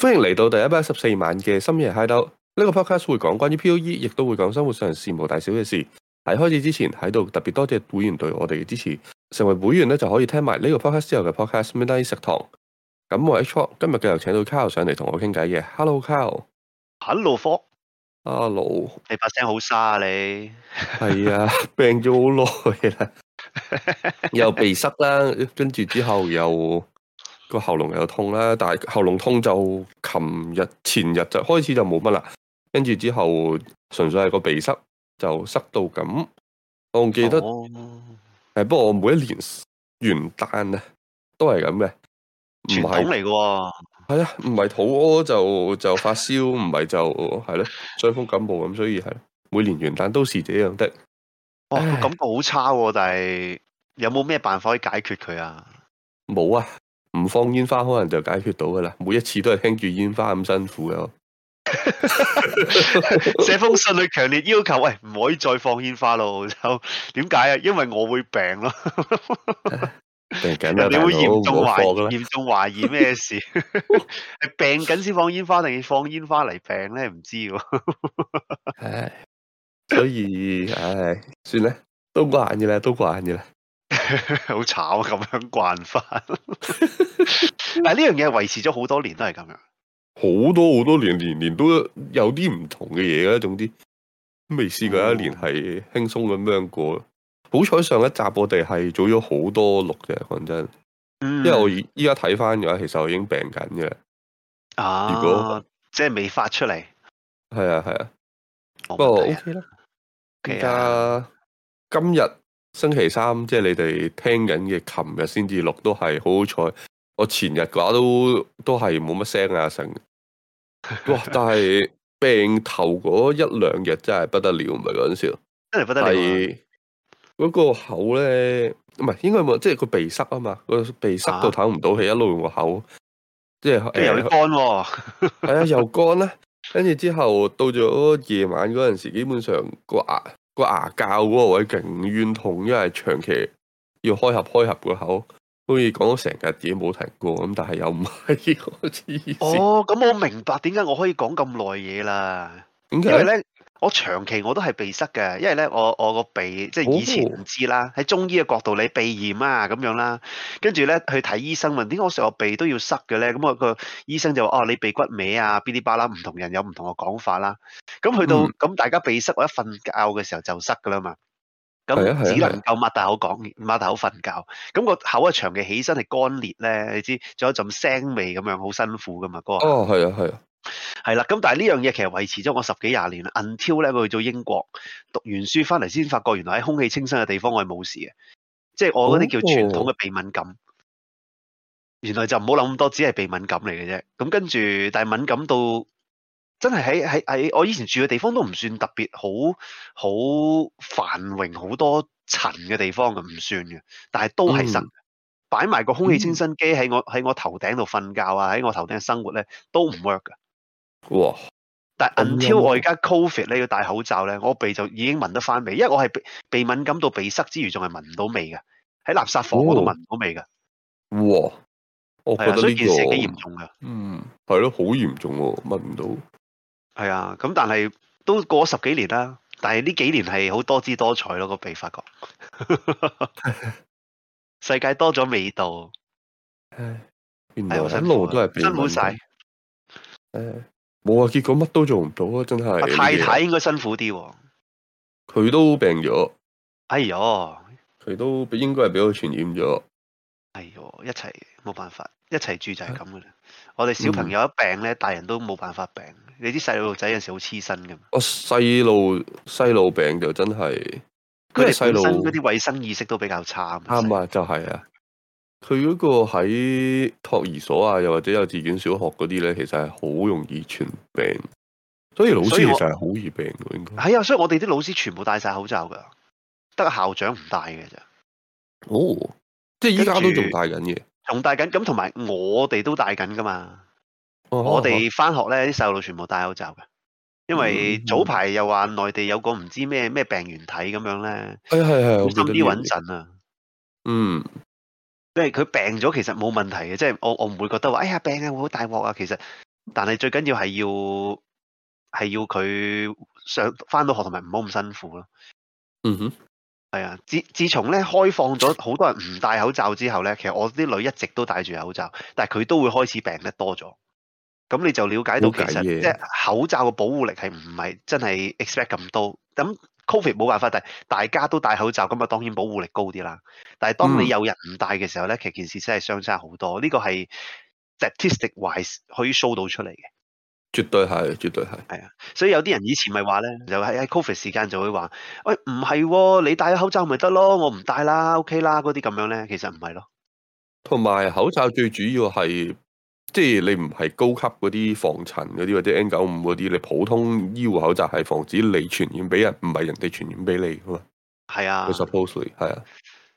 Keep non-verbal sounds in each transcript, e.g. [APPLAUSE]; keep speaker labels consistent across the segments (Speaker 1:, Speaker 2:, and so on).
Speaker 1: 歡迎嚟到第一百一十四晚嘅深夜嗨斗，呢、這個 podcast 會講關於 P.O.E，亦都會講生活上事無大小嘅事。喺開始之前，喺度特別多謝會員對我哋嘅支持，成為會員咧就可以聽埋呢個 podcast 之後嘅 podcast midnight 食堂。咁我 Hock 今日繼又請到 Carl 上嚟同我傾偈嘅，Hello Carl Hello 科，Hello，你把聲好沙啊你，係 [LAUGHS] 啊，病咗好耐啦，又鼻塞啦，跟住之後又。個喉嚨又痛啦，但係喉嚨痛就琴日前日就開始就冇乜啦，跟住之後純粹係個鼻塞，就塞到咁。我仲記得，誒、哦，不過我每一年元旦咧都係咁嘅，傳統嚟嘅喎。係啊，唔係肚屙就就發燒，唔 [LAUGHS] 係就係咯，傷、啊、風感冒咁，所以係、啊、每年元旦都是這樣的。哦，感覺好差、啊，但係有冇咩辦法可以解決佢啊？冇啊。唔放煙花可能就解決到噶啦，每一次都係聽住煙花咁辛苦嘅。寫封信去
Speaker 2: 強烈要求，喂，唔可以再放煙花咯。就點解啊？因為我會病咯、
Speaker 3: 啊。 [LAUGHS] [LAUGHS] 你會嚴重懷疑、嚴 [LAUGHS] 重懷疑咩 [LAUGHS] 麼事？
Speaker 2: 係 [LAUGHS] 病緊先放煙花，定放煙花嚟病咧？唔知。唉，
Speaker 1: 所以，唉，算啦，都慣嘅啦，都慣嘅啦。
Speaker 2: [LAUGHS] 好慘啊！咁樣慣法。 [LAUGHS] [LAUGHS] 但係呢樣嘢維持咗好多年都係咁樣，
Speaker 1: 好多好多年年年都有啲唔同嘅嘢嘅，總之未試過一年係輕鬆咁樣過。哦、好彩上一集我哋係做咗好多錄嘅，講真，嗯、因為我依家睇翻嘅話，其實我已經病緊嘅。啊，如果即係未發出嚟，係啊係啊，啊，不過 OK 啦。而家、啊、今日。星期三即係你哋聽緊嘅，琴日先至錄，都係好好彩。我前日嘅話都都係冇乜聲啊，成哇！但係病頭嗰一兩日真係不得了，唔係嗰陣時真係不得了。嗰、嗰個口咧唔係，應該冇，即係個鼻塞啊嘛，個鼻塞到唞唔到氣，啊，一路用個口，即係即係又乾，哦，係啊又乾啦。跟住之後到咗夜晚嗰陣時，基本上個牙。那個牙教嗰個位勁怨痛，因為長期要開合開合個口，好似講到成日自己冇停過，咁但係又唔係個黐線。哦，咁我明
Speaker 2: 白點解我可以講咁耐嘢啦，
Speaker 1: 因為咧，我
Speaker 2: 長期我都係鼻塞嘅，因為咧我我個鼻即係以前唔知啦，喺中醫嘅角度你鼻炎啊咁樣啦，跟住咧去睇醫生問點解我成個鼻都要塞嘅咧？咁、那、我個醫生就話：哦，你鼻骨歪啊，嗶哩巴啦，唔同人有唔同嘅講法啦。咁去到咁大家鼻塞，我一瞓覺嘅時候就塞噶啦嘛。咁只能夠擘大口講，擘大口瞓覺。咁個口長期起身係乾裂咧，你知仲有陣腥味咁樣，好辛苦噶嘛嗰個。哦，係啊，係啊。係啦，咁但係呢樣嘢其實維持咗我十幾廿年啦。until 咧，我去咗英國讀完書翻嚟，先發覺原來喺空氣清新嘅地方我係冇事嘅。即係我嗰啲叫傳統嘅鼻敏感，原來就唔好諗咁多，只係鼻敏感嚟嘅啫。咁跟住，但係敏感到真係喺喺喺我以前住嘅地方都唔算特別好，好繁榮好多塵嘅地方嘅，唔算嘅。但係都係生，擺、嗯、埋個空氣清新機喺我喺我頭頂度瞓覺啊，喺我頭頂生活咧都唔 work 嘅。哇！但係銀超我而家 Covid 咧要戴口罩咧，我鼻就已經聞得翻味，因為我係鼻敏感到鼻塞之餘，仲係聞唔到味嘅。喺垃圾房我都聞唔到味嘅。
Speaker 1: 哇！我覺得呢件、這個啊、事幾嚴重嘅。嗯，
Speaker 2: 係咯，好嚴重喎、啊，聞唔到。係啊，咁、嗯、但係都過咗十幾年啦，但係呢幾年係好多姿多彩咯、那個鼻發覺， [LAUGHS] [LAUGHS] 世界多咗味道。
Speaker 1: 原來一路、哎啊、都係變好晒。誒。冇啊！結果乜都做唔到啊！真係太太應該辛苦啲，哦，佢都病咗。哎喲，佢都應該係俾佢傳染咗。
Speaker 2: 哎喲，一齊冇辦法，一齊住就係咁噶啦。我哋小朋友一病咧，嗯，大人都冇辦法病。你啲細路仔有陣時好黐身噶。
Speaker 1: 我細路細路病就真係佢哋細路，嗰
Speaker 2: 啲衛生意識都比較差。
Speaker 1: 啱，就係，啊，就係啊。佢嗰個喺托兒所啊，又或者幼稚園、小學嗰啲咧，其實係好容易傳病，所以老師其實係好易病嘅。應該
Speaker 2: 係啊，所以我哋啲老師全部戴晒口罩噶，得個校長唔戴嘅啫。哦，即係依家都仲戴緊嘅，仲戴緊咁，同埋我哋都戴緊噶嘛。啊啊啊、我哋翻學咧，啲細路全部戴口罩嘅，因為早排又話內地有個唔知咩咩病原體咁樣咧。誒、哎、係、哎、係，小心啲穩陣啊。嗯。即係佢病咗，其實冇問題嘅，即係我我唔會覺得話，哎呀病啊，會好大鑊啊。其實，但係最緊要係要係要佢上翻到學，同埋唔好咁辛苦咯。嗯哼，係啊。自自從咧開放咗，好多人唔戴口罩之後咧，其實我啲女一直都戴住口罩，但係佢都會開始病得多咗。咁你就了解到，其實即係口罩嘅保護力係唔係真係 expect 咁多。咁 Covid 冇辦法，但係大家都戴口罩，咁啊當然保護力高啲啦。但係當你有人唔戴嘅時候咧、嗯，其實件事真係相差好多。呢、這個係 statistic wise 可以 show 到出嚟嘅，
Speaker 1: 絕對係，
Speaker 2: 絕對係。係啊，所以有啲人以前咪話咧，就喺、是、喺 Covid 時間就會話，喂、哎，唔係喎，你戴口罩咪得咯，我唔戴啦，OK 啦，嗰啲咁樣咧，其實唔係咯。
Speaker 1: 同埋口罩最主要係。即係你唔係高級嗰啲防塵嗰啲或者 N 九五嗰啲，你普通醫護口罩係防止你傳染俾人，唔係人哋傳染俾你噶嘛？係啊。Suppose 係啊。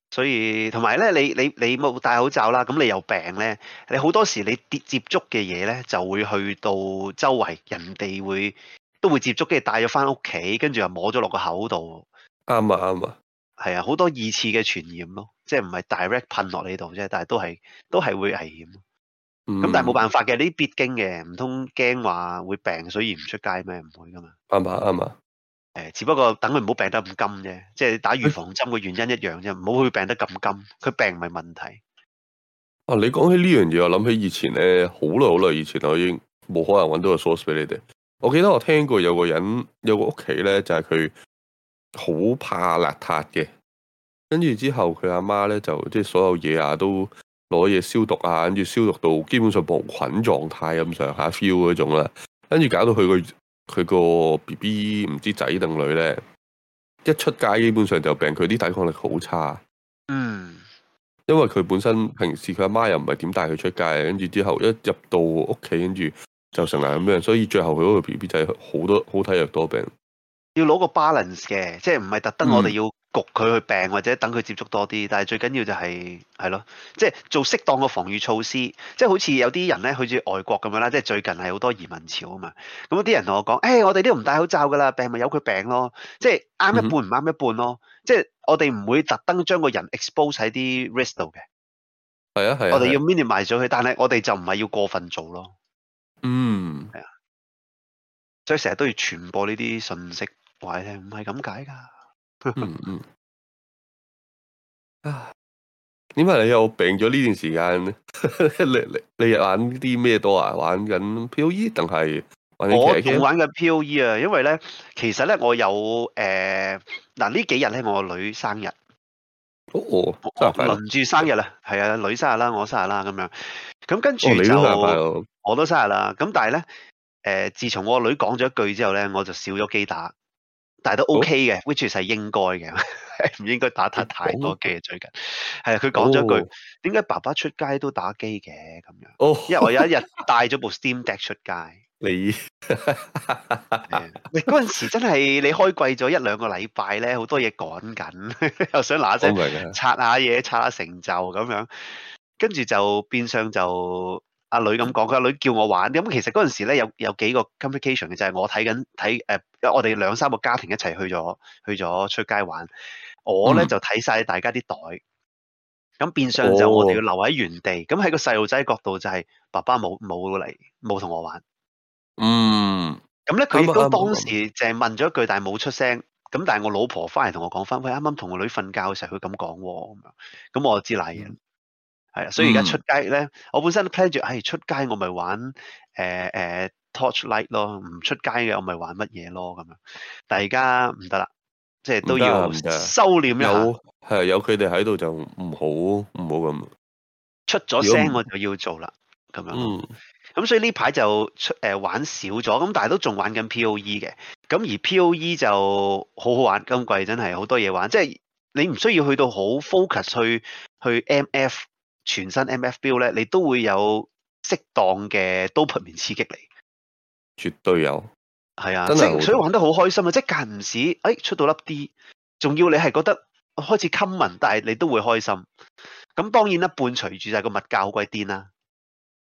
Speaker 1: 所以
Speaker 2: 同埋咧，你你你冇戴口罩啦，咁你有病咧，你好多時你接接觸嘅嘢咧，就會去到周圍，人哋會都會接觸，跟住帶咗翻屋企，跟住又摸咗落個口度。啱啊，啱啊。係啊，好多二次嘅傳染咯，即係唔係 direct 噴落你度啫，但係都係都係會危險。咁、嗯、但係冇辦法嘅，你啲必經嘅，唔通驚話會病，所以唔出街咩？唔會噶嘛，啱嘛啱嘛。誒、嗯，只不過等佢唔好病得咁金啫，即係打預防針嘅原因一樣啫，唔好佢病得咁金。佢病唔係問題。
Speaker 1: 啊，你講起呢樣嘢，我諗起以前咧，好耐好耐以前，我已經冇可能揾到個 source 俾你哋。我記得我聽過有個人，有個屋企咧，就係佢好怕邋遢嘅，跟住之後佢阿媽咧就即係所有嘢啊都。攞嘢消毒啊，跟住消毒到基本上無菌狀態咁上下 feel 嗰種啦，跟住搞到佢個佢個 B B 唔知仔定女咧，一出街基本上就病，佢啲抵抗力好差。嗯，因為佢本身平時佢阿媽又唔係點帶佢出街，跟住之後一入到屋企跟住就成日咁樣，所以最後佢嗰個 B B 仔好多好體弱多病。要
Speaker 2: 攞個 balance 嘅，即係唔係特登我哋要、嗯。焗佢去病或者等佢接觸多啲，但係最緊要就係係咯，即係做適當嘅防禦措施，即係好似有啲人咧去住外國咁樣啦，即係最近係好多移民潮啊嘛。咁啲人同我講：，誒、欸，我哋呢度唔戴口罩㗎啦，病咪由佢病咯。即係啱一半唔啱一半咯。嗯、即係我哋唔會特登將個人 expose 喺啲 risk 度嘅。係啊係啊。我哋要 minimize 咗佢，但係我哋就唔係要過分做咯。嗯，
Speaker 3: 係啊。所以成日都要傳播呢啲信息，話你聽，唔係咁解㗎。
Speaker 1: 嗯 [LAUGHS] 嗯，點解你又病咗呢段時間？ [LAUGHS] 你你你又玩啲咩多啊？玩緊 P O E 定係？我玩緊 P O E 啊，因為咧，其實咧，我有
Speaker 2: 誒嗱呢幾日咧、哦哦，我個女生日哦，真係輪住生日啦，係啊，女生日啦，我生日啦，咁樣咁、嗯、跟住、哦、你、啊、我都生日啦。咁但係咧，誒、呃，自從我個女講咗一句之後咧，我就少咗機打。但都 OK 嘅，which 係應該嘅，唔、嗯、 [LAUGHS] 應該打，打太太多機、嗯。最近係佢講咗句：點、哦、解爸爸出街都打機嘅咁樣、哦？因為我有一日帶咗部 Steam Deck 出街。你嗰陣 [LAUGHS] [LAUGHS] 時真係你開季咗一兩個禮拜咧，好多嘢趕緊， [LAUGHS] 又想嗱嗱聲刷下嘢，刷，下，刷下成就咁樣，跟住就變相就。阿女咁講，佢阿女叫我玩，咁其實嗰陣時咧有有幾個 complication 嘅就係、是、我睇緊睇誒，我哋兩三個家庭一齊去咗去咗出街玩，我咧就睇晒大家啲袋，咁、嗯、變相就我哋要留喺原地。咁、哦、喺個細路仔角度就係、是、爸爸冇冇嚟冇同我玩。
Speaker 3: 嗯，咁咧佢亦都當時
Speaker 2: 淨係問咗一句，但係冇出聲。咁但係我老婆翻嚟同我講翻，佢啱啱同個女瞓覺嘅時候佢咁講喎咁樣，咁我就知嚟嘢。係啊，所以而家出街咧、嗯，我本身都 plan 住，唉、哎，出街我咪玩誒誒、欸啊、torchlight 咯，唔出街嘅我咪玩乜嘢咯咁樣。但係而家唔得啦，
Speaker 1: 即係都要收斂一下。係有佢哋喺度就唔好唔好咁。出咗聲我就要做啦，咁
Speaker 2: 樣。嗯，咁所以呢排就出誒玩少咗，咁但係都仲玩緊 P.O.E 嘅。咁而 P.O.E 就好好玩，今季真係好多嘢玩。即係你唔需要去到好 focus 去去 M.F。全新 MFB 咧，你都會有適當嘅多
Speaker 1: 巴胺刺激你，絕對有，係啊，即係所以
Speaker 2: 玩得好開心啊！即係間唔時，哎出到粒啲，仲要你係覺得開始襟文，但係你都會開心。咁當然啦，伴隨住就係個物價好鬼癲啦。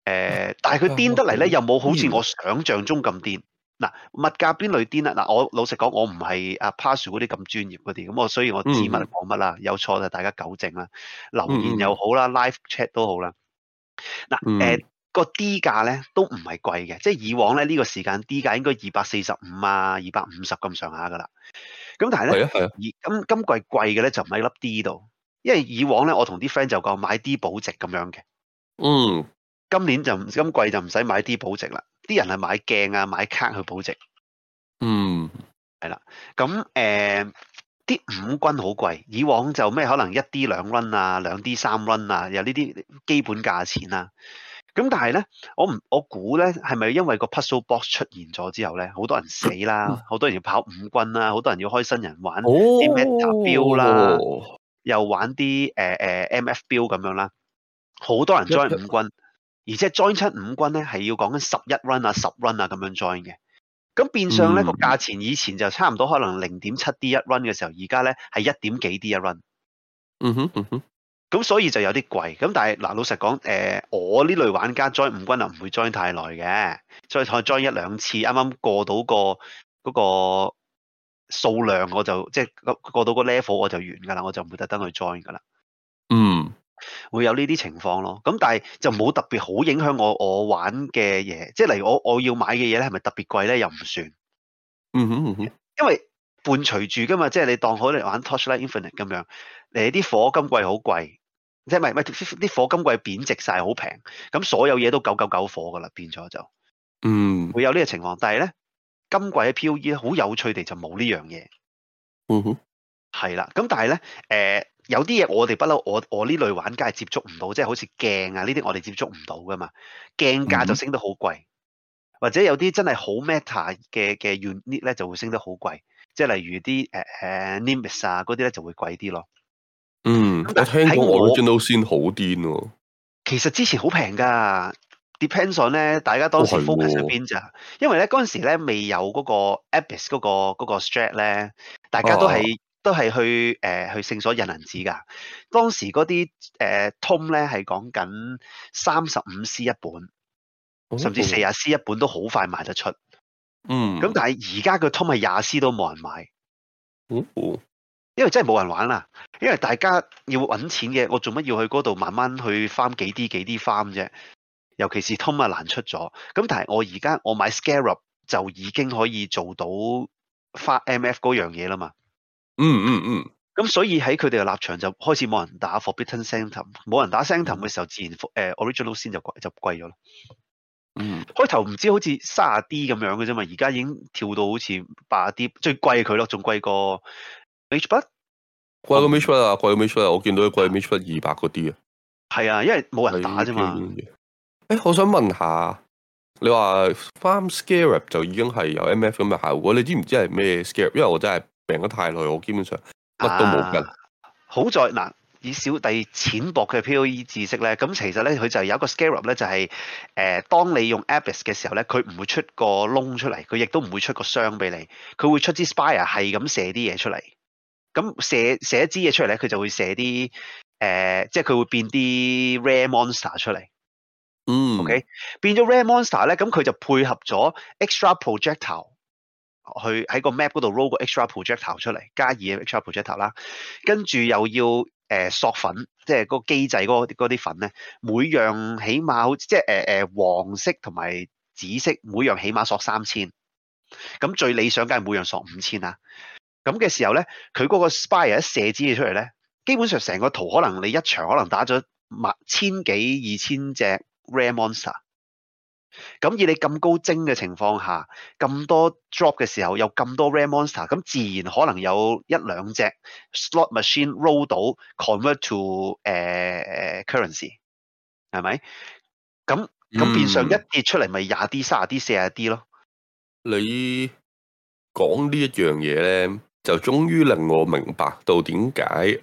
Speaker 2: 誒、呃啊，但係佢癲得嚟咧、啊，又冇好似我想象中咁癲。嗱，物價邊類癲啦？嗱，我老實講，我唔係阿 Passion 嗰啲咁專業嗰啲，咁我所以我指乜講乜啦，有錯就大家糾正啦，留言又好啦、嗯、，live chat 都好啦。嗱、嗯，誒、呃，個 D 價咧都唔係貴嘅，即係以往咧呢個時間 D 價應該二百四十五啊，二百五十咁上下噶啦。咁但係咧、啊，而今今季貴嘅咧就唔係粒 D 度，因為以往咧我同啲 friend 就講買 D 保值咁樣嘅。嗯，今年就今季就唔使買 D 保值啦。啲人係買鏡啊，買卡去保值。
Speaker 3: 嗯，
Speaker 2: 係啦。咁誒，啲、呃、五軍好貴，以往就咩可能一 D 兩 run 啊，兩 D 三 run 啊，有呢啲基本價錢啦、啊。咁但係咧，我唔我估咧係咪因為個 Puzzle Box 出現咗之後咧，好多人死啦，好、哦、多人要跑五軍啦、啊，好多人要開新人玩啲 Meta 標啦、啊哦，又玩啲誒誒 MF 標咁樣啦、啊，好多人 join 五軍。 [LAUGHS] 而且 join 七五軍咧係要講緊十一 run 啊十 run 啊咁樣 join 嘅，咁變相咧個價錢以前就差唔多可能零點七 D 一 run 嘅時候，而家咧係一點幾 D 一 run。嗯哼嗯
Speaker 3: 哼，
Speaker 2: 咁所以就有啲貴，咁但係嗱老實講，誒、呃、我呢類玩家 join 五軍啊唔會 join 太耐嘅再 o join 一兩次，啱啱過到、個嗰、個數量我就即係過到個 level 我就完噶啦，我就唔會特登去 join 噶啦。嗯。會有呢啲情況咯，咁但係就冇特別好影響我我玩嘅嘢，即係例如我我要買嘅嘢咧，係咪特別貴咧？又唔算，嗯哼，嗯哼，因為伴隨住噶嘛，即係你當好你玩 Torchlight Infinite 咁樣，你啲火金季好貴，即係咪？係啲火金季貶值晒好平，咁所有嘢都九九九火噶啦，變咗就，嗯，會有呢個情況，但係咧今季嘅 PoE 咧好有趣地就冇呢樣嘢，嗯哼，係啦，咁但係咧誒。呃有啲嘢我哋不嬲，我我呢類玩家係接觸唔到，即係好似鏡啊呢啲我哋接觸唔到噶嘛，鏡價就升得好貴，嗯，或者有啲真係好 meta 嘅嘅 unit 咧就會升得好貴，即係例如啲誒誒 Nimbus 啊嗰啲咧就會貴啲咯。
Speaker 3: 嗯，我聽講我見
Speaker 1: 到先好癲喎，啊。
Speaker 2: 其實之前好平噶，depends on 咧，大家當時 focus 喺邊咋？因為咧嗰陣時咧未有嗰、那個 Abyss 嗰、那個、那個 strat 咧，大家都係、啊。都係去，誒、呃、去聖所印銀紙噶。當時嗰啲誒通咧係講緊三十五 c 一本，嗯、甚至四廿 c 一本都好快賣得出。
Speaker 3: 嗯，
Speaker 2: 咁但係而家個通係廿 c 都冇人買、嗯嗯，因為真係冇人玩啦。因為大家要搵錢嘅，我做乜要去嗰度慢慢去翻幾啲幾啲翻啫？尤其是通啊難出咗。咁但係我而家我買 Scarab 就已經可以做到發 M F 嗰樣嘢啦嘛。嗯嗯嗯，咁、嗯嗯、所以喺佢哋嘅立場就開始冇人打 Forbidden Centum，冇人打 Centum 嘅時候，自然誒 Original 先就貴就貴咗咯。嗯，開頭唔知好似卅 D 咁樣嘅啫嘛，而家已經跳到好似八 D，最貴佢咯，仲貴
Speaker 1: 過 H 幣，貴過 H 幣啊，貴、嗯、過 H 幣啊，我見到貴 H 幣二百嗰啲啊。係啊，因為冇人打啫嘛。誒、欸，我想問下，你話 Farm Scare 就已經係有 M F 咁嘅效果，你知唔知係咩 Scare？因為我真係。病得太耐，我基本上
Speaker 3: 乜都冇噶、啊啊。
Speaker 1: 好在嗱，以小弟淺
Speaker 2: 薄嘅 P O E 知識咧，咁其實咧佢就有一個 scarab 咧、就是，就係誒，當你用 Abyss 嘅時候咧，佢唔會出個窿出嚟，佢亦都唔會出個箱俾你，佢會出支 spire 係咁射啲嘢出嚟。咁射射一支嘢出嚟咧，佢就會射啲誒，即係佢會變啲 Rare Monster 出嚟。嗯，OK，變咗 Rare Monster 咧，咁佢就配合咗 Extra Projectile。去喺個 map 嗰度 roll 個 extra projectile 出嚟，加二個 extra projectile 啦，跟住又要誒、呃、索粉，即係個機制嗰啲粉咧，每樣起碼好即係誒誒黃色同埋紫色，每樣起碼索三千，咁最理想梗係每樣索五千啦。咁嘅時候咧，佢嗰個 spire 一射支嘢出嚟咧，基本上成個圖可能你一場可能打咗萬千幾二千隻 rare monster。咁以你咁高精嘅情況下，咁多 drop 嘅時候，有咁多 Rare Monster，咁自然可能有一兩隻 Slot Machine Roll 到 Convert to 誒、uh，誒 Currency，係咪？咁咁變相一跌出嚟咪廿啲、卅、嗯、啲、四十啲咯。
Speaker 1: 你講呢一樣嘢咧，就終於令我明白到點解。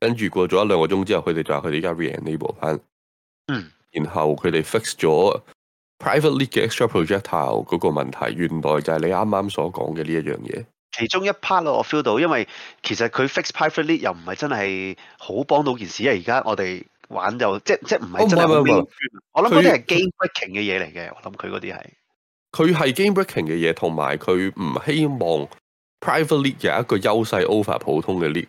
Speaker 1: 跟住過咗一兩個鐘之後，佢哋就話佢哋而家 re-enable 翻，嗯，然後佢哋 fix 咗 private league 嘅 extra projectile 嗰個問題，原來就係你啱啱所講嘅呢一樣嘢。其中一 part、啊、我 feel 到，因為
Speaker 2: 其實佢 fix private league 又唔係真係好幫到件事啊。而家我哋玩就即
Speaker 3: 即
Speaker 1: 唔係真係變轉。我諗嗰啲係 game breaking 嘅嘢嚟嘅，我諗佢嗰啲係。佢係 game breaking 嘅嘢，同埋佢唔希望 private league 有一個優勢 over 普通嘅 league。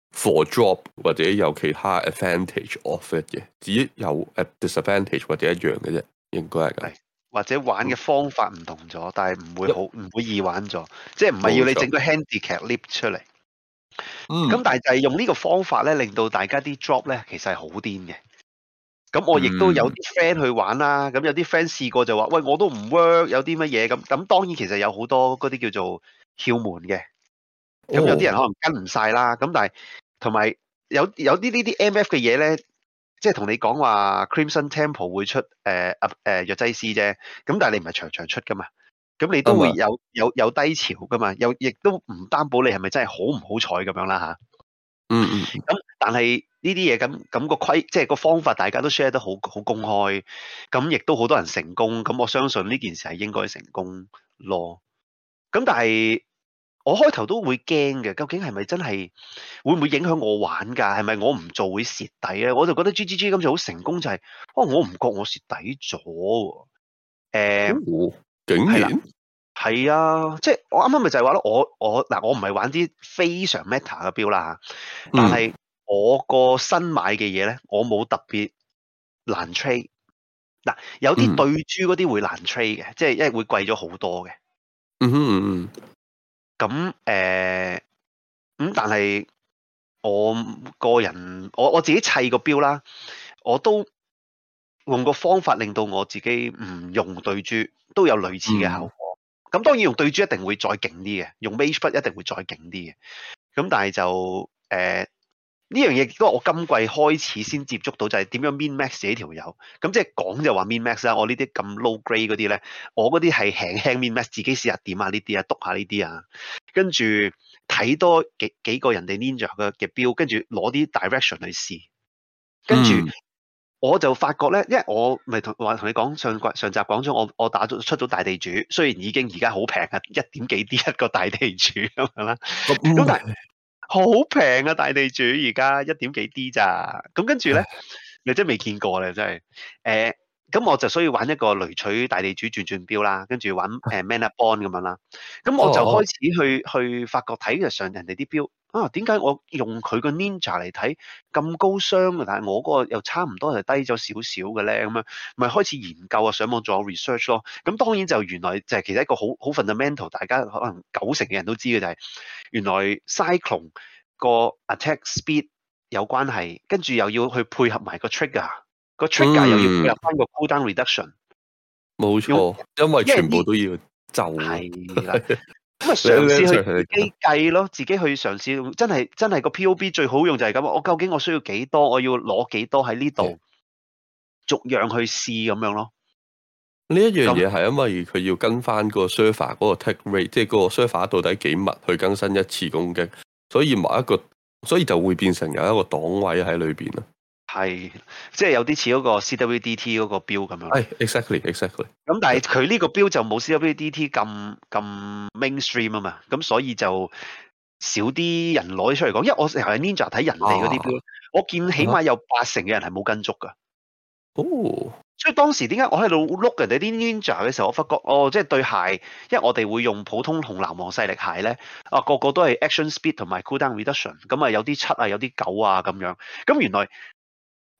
Speaker 1: for drop 或者有其他 advantage offer 嘅，只有 disadvantage 或者一樣嘅啫，應該係咁。
Speaker 2: 或者玩嘅方法唔同咗、嗯，但係唔會好唔會易玩咗、嗯，即係唔係要你整個 handicap lift 出嚟。咁、嗯、但係就係用呢個方法咧，令到大家啲 drop 咧，其實係好癲嘅。咁我亦都有啲 friend 去玩啦，咁、嗯、有啲 friend 試過就話：，喂，我都唔 work，有啲乜嘢咁。咁當然其實有好多嗰啲叫做竅門嘅。咁有啲人可能跟唔晒啦，咁但係同埋有有啲呢啲 M.F. 嘅嘢咧，即係同你講話 Crimson Temple 會出誒誒藥劑師啫，咁但係你唔係場場出噶嘛，咁你都會有有有低潮噶嘛，又亦都唔擔保你係咪真係好唔好彩咁樣啦嚇。嗯、啊、嗯。咁 [LAUGHS] 但係呢啲嘢咁咁個規，即係個方法大家都 share 得好好公開，咁亦都好多人成功，咁我相信呢件事係應該成功咯。咁但係。我開頭都會驚嘅，究竟係咪真係會唔會影響我玩噶？係咪我唔做會蝕底咧？我就覺得 G G G 今次好成功就係，哇！我唔覺我蝕底咗，誒、uh, 哦，竟然係啊！即係我啱啱咪就係話咯，我我嗱，我唔係玩啲非常 meta 嘅標啦吓，嗯，但係我個新買嘅嘢咧，我冇特別難 trade。嗱，有啲對豬嗰啲會難 trade 嘅，即、嗯、係因為會貴咗好多嘅。
Speaker 3: 嗯哼。
Speaker 2: 咁誒咁，但係我個人，我我自己砌個表啦，我都用個方法令到我自己唔用對珠，都有類似嘅效果。咁、嗯嗯、當然用對珠一定會再勁啲嘅，用 Mageblood 一定會再勁啲嘅。咁、嗯、但係就誒。嗯呢樣嘢都我今季開始先接觸到就，就係點樣 min max 自己條友咁，即係講就話 min max 啦。我呢啲咁 low grade 嗰啲咧，我嗰啲係輕輕 min max 自己試,自己試下點啊，呢啲啊篤下呢啲啊，跟住睇多幾幾個人哋 ninja 嘅嘅標，跟住攞啲 direction 去試，跟住、嗯、我就發覺咧，因為我咪同話同你講上季上集講咗，我我打咗出咗大地主，雖然已經而家好平啊，一點幾啲一個大地主咁樣啦。好平啊！大地主而家一點幾 D 咋？咁跟住咧， [LAUGHS] 你真係未見過咧，真係誒咁我就需要玩一個雷取大地主轉轉標啦，跟住玩 Manabond 咁樣啦。咁我就開始去哦哦去發覺睇嘅上人哋啲標啊，點解我用佢個 ninja 嚟睇咁高傷嘅，但係我嗰個又差唔多低就低咗少少嘅咧？咁樣咪開始研究啊，上網做咗 research 咯。咁當然就原來就係其實一個好好 fundamental，大家可能九成嘅人都知嘅就係、是、原來 cyclone 個 attack speed 有關係，跟住又要去配合埋個 trigger。個出價又要配合翻個 cooldown reduction，冇錯，因為全部都
Speaker 1: 要就係啦。咁啊，
Speaker 2: 嘗試去自己計咯，自己去嘗試，真係真係個 POB 最好用就係咁。我究竟我需要幾多？我要攞幾多喺呢度？逐樣去試咁樣咯。
Speaker 1: 呢一樣嘢係因為佢要跟翻個 server 嗰個 tick rate，即係個 server 到底幾密去更新一次攻擊，所以某一個，所以就會變成有一個檔位喺裏邊啦。係，即係有啲似嗰個 CWDT 嗰個 build 咁樣。係 exactly，exactly，exactly，嗯。
Speaker 2: 咁但係佢呢個 build 就冇 CWDT 咁咁 mainstream 啊嘛，咁、嗯、所以就少啲人攞出嚟講。因為我喺 Ninja 睇人哋嗰啲 build，我見起碼有八成嘅人係冇跟足㗎。哦。所以當時點解我喺度 look 人哋啲 Ninja 嘅時候，我發覺哦，即係對鞋，因為我哋會用普通紅藍黃勢力鞋咧，啊個個都係 Action Speed 同埋 Cooldown Reduction，咁啊有啲七啊，有啲九啊咁樣，咁原來。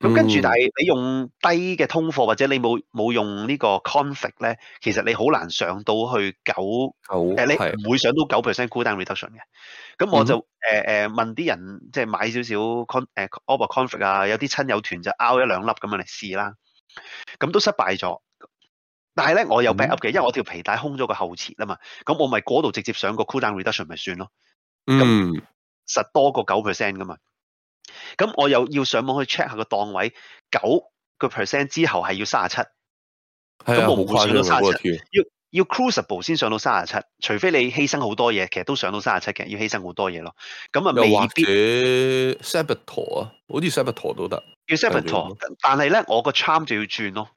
Speaker 2: 咁跟住，但係你用低嘅通貨或者你冇冇用呢個 config 呢咧，其實你好難上到去九、oh, 你唔會上到九 percent cooldown reduction 嘅。咁我就誒誒、嗯呃、問啲人，即係買少少 conf v、呃、e r、嗯、config 啊，有啲親友團就拗一兩粒咁嚟試啦。咁都失敗咗。但係咧，我有 back up 嘅、嗯，因為我條皮帶空咗個後綴啊嘛。咁我咪嗰度直接上個 cooldown reduction 咪算咯。咁、嗯、實多過九 percent 噶嘛。咁我又要上網去 check 下個檔位九個 percent 之後係要三十
Speaker 3: 七。咁我冇上到三十七，要
Speaker 2: 要 Crucible 先上到三十七，除非你犧牲好多嘢。其實都上到三十七嘅，要犧牲好多嘢咯。咁啊，未
Speaker 1: 必。Saboteur 啊，好似 Saboteur 都得。要 Saboteur，
Speaker 2: 但係咧，我個 charm 就要轉咯。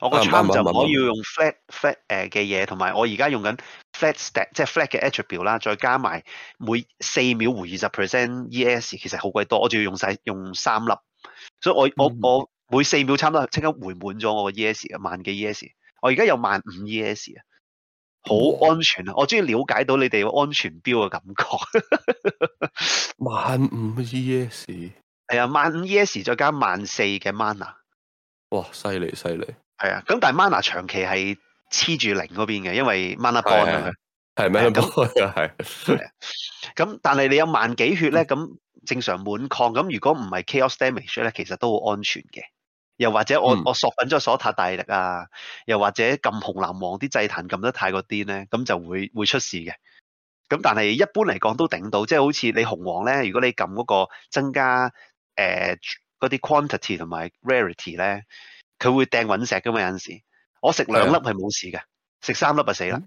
Speaker 1: 我個倉就我要
Speaker 2: 用 flat、嗯嗯、用 flat 誒嘅嘢，同埋我而家用緊 flat stat 即係 flat 嘅 attribute 啦，再加埋每四秒回二十 percent ES，其實好鬼多，我仲要用晒用三粒，所以我我、嗯、我每四秒差唔多即刻回滿咗我個 ES 嘅萬幾 ES，我而家有萬五 ES 啊，好安全啊！我終於了解到你哋安全表嘅感覺， [LAUGHS]
Speaker 1: 萬五 ES，
Speaker 2: 係啊、嗯，萬五 ES 再加萬四嘅 mana，哇，犀利犀利！係啊，咁但係 Mana 長期係黐住零嗰邊嘅，因為 Mana Bond 啊，係咪係咁，但係你有萬幾血咧，咁、嗯、正常滿抗咁，如果唔係 Chaos Damage 咧，其實都好安全嘅。又或者我我索緊咗索塔大力啊，嗯、又或者撳紅藍黃啲祭壇撳得太過癲咧，咁就會會出事嘅。咁但係一般嚟講都頂到，即、就、係、是、好似你紅黃咧，如果你撳嗰個增加誒嗰啲 Quantity 同埋 Rarity 咧。佢會掟隕石噶嘛。有陣時，我食兩粒係冇事嘅，食、啊、三粒就死啦。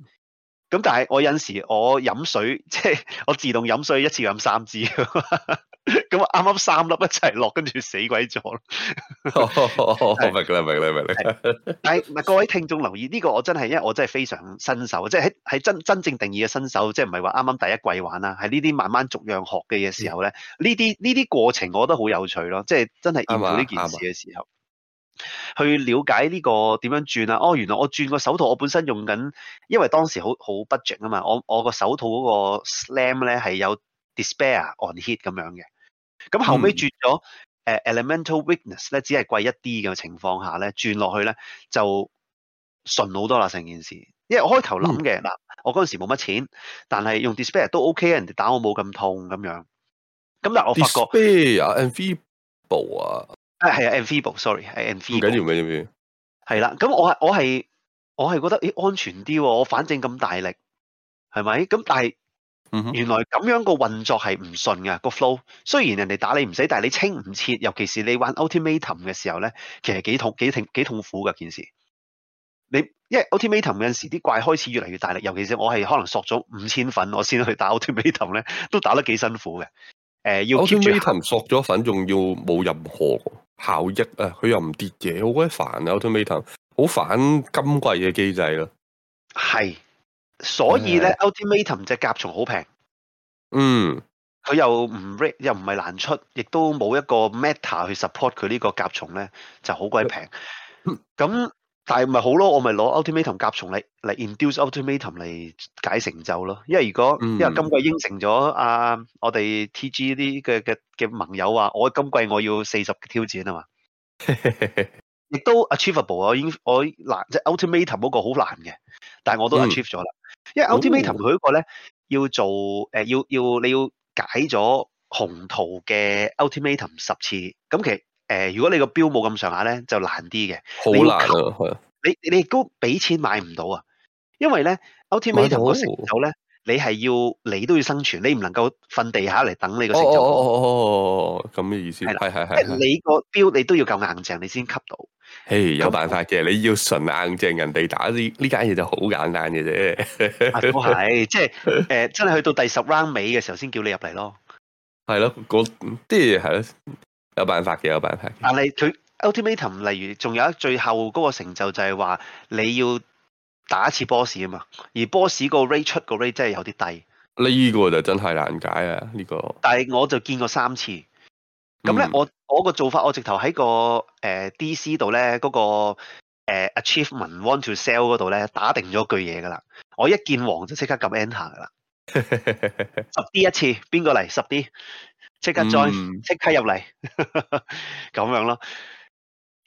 Speaker 2: 咁、嗯、但係我有陣時候我飲水，即、就、係、是、我自動飲水一次飲三支，咁啊啱啱三粒一齊落，跟住死鬼咗、哦哦。
Speaker 1: 明，了明了。但
Speaker 2: 係各位聽眾留意呢、這個，我真係因為我真係非常新手，即係喺喺真真正定義嘅新手，即係唔係話啱啱第一季玩啦，係呢啲慢慢逐樣學嘅嘢時候咧，呢啲呢啲過程，我覺得好有趣咯。即、就、係、是、真係 encounter 呢件事嘅時候。去了解呢個點樣轉啊？哦，原來我轉個手套，我本身用緊，因為當時好好 budget 啊嘛。我我個手套嗰個 slam 咧係有 despair on hit 咁樣嘅。咁後尾轉咗誒 elemental weakness 咧，只係貴一啲嘅情況下咧，轉落去咧就順好多啦，成件事。因為我開頭諗嘅嗱，我嗰陣時冇乜錢，但係用 despair 都 ok 啊，人哋打我冇咁痛咁樣。咁但我發覺啊，envy 暴啊。Despair, 誒，係啊，Enfeeble，sorry，係 Enfeeble。唔緊要唔緊要，係啦，咁我係我係我係覺得誒安全啲喎，我反正咁大力，係咪？咁但係，原來咁樣個運作係唔順嘅個 flow。雖然人哋打你唔使，但係你清唔切，尤其是你玩 Ultimatum 嘅時候咧，其實幾痛幾痛幾痛苦噶件事。你因為 Ultimatum 有陣時啲怪開始越嚟越大力，尤其是我係可能索咗五千粉，我先去打 Ultimatum 咧，都打得幾辛苦嘅。誒、
Speaker 1: 呃，要 Ultimatum 索咗粉，仲要冇任何。效益啊，佢又唔跌嘢，好鬼煩啊！Ultimatum 好反金貴嘅機制咯，係，所以咧 Ultimatum 隻甲蟲好平，
Speaker 3: 嗯，
Speaker 1: 佢、嗯、又唔 red
Speaker 2: 又唔係難出，亦都冇一個 meta 去 support 佢呢個甲蟲咧，就好鬼平，咁、嗯。 [LAUGHS] 但係唔係好咯？我咪攞 Ultimatum 甲蟲嚟嚟 induce Ultimatum 嚟解成就咯。因為如果、嗯、因為今季應承咗啊我哋 TG 啲嘅嘅嘅盟友話，我今季我要四十挑戰啊嘛。亦 [LAUGHS] 都 achievable 啊，已經我，我即 Ultimatum 難即係 Ultimatum 嗰個好難嘅，但係我都 achieved 咗啦、嗯。因為 Ultimatum 佢嗰個咧要做誒、呃、要要你要解咗紅圖嘅 Ultimatum 十次咁其。誒，如果你個標冇咁上下咧，就難啲嘅。好難啊！你你亦都俾錢買唔到啊！因為咧，Ultimatum 同個成就咧，你係要你都要生存，你唔能夠瞓地下嚟等你個成就。哦哦
Speaker 1: 哦，咁嘅意思係啦係係你個標你都要夠硬正，你先吸到。誒、hey，有辦法嘅，你要純硬正人哋打呢呢間嘢就好簡單嘅啫。
Speaker 3: 咁係，即
Speaker 2: 係誒，真係去到第十 round 尾嘅時候先叫你入嚟咯。
Speaker 1: 係咯，嗰啲係咯。有辦法嘅，有
Speaker 2: 辦法的。但係佢 Ultimatum，例如仲有最後嗰個成就就係話，你要打一次 boss 啊嘛。而 boss 個 rate 出個 rate 真係有啲低。呢個就真係難解啊！呢、這個。但係我就見過三次。咁、嗯、咧，我我個做法我在個，我直頭喺個誒 DC 度咧，嗰個誒 Achievement Want to Sell 嗰度咧，打定咗句嘢噶啦。我一見黃就即刻撳 Enter 噶啦。十 [LAUGHS] D 一次，邊個嚟？十 D。即刻 join，即刻入嚟，咁、嗯、 [LAUGHS] 樣咯。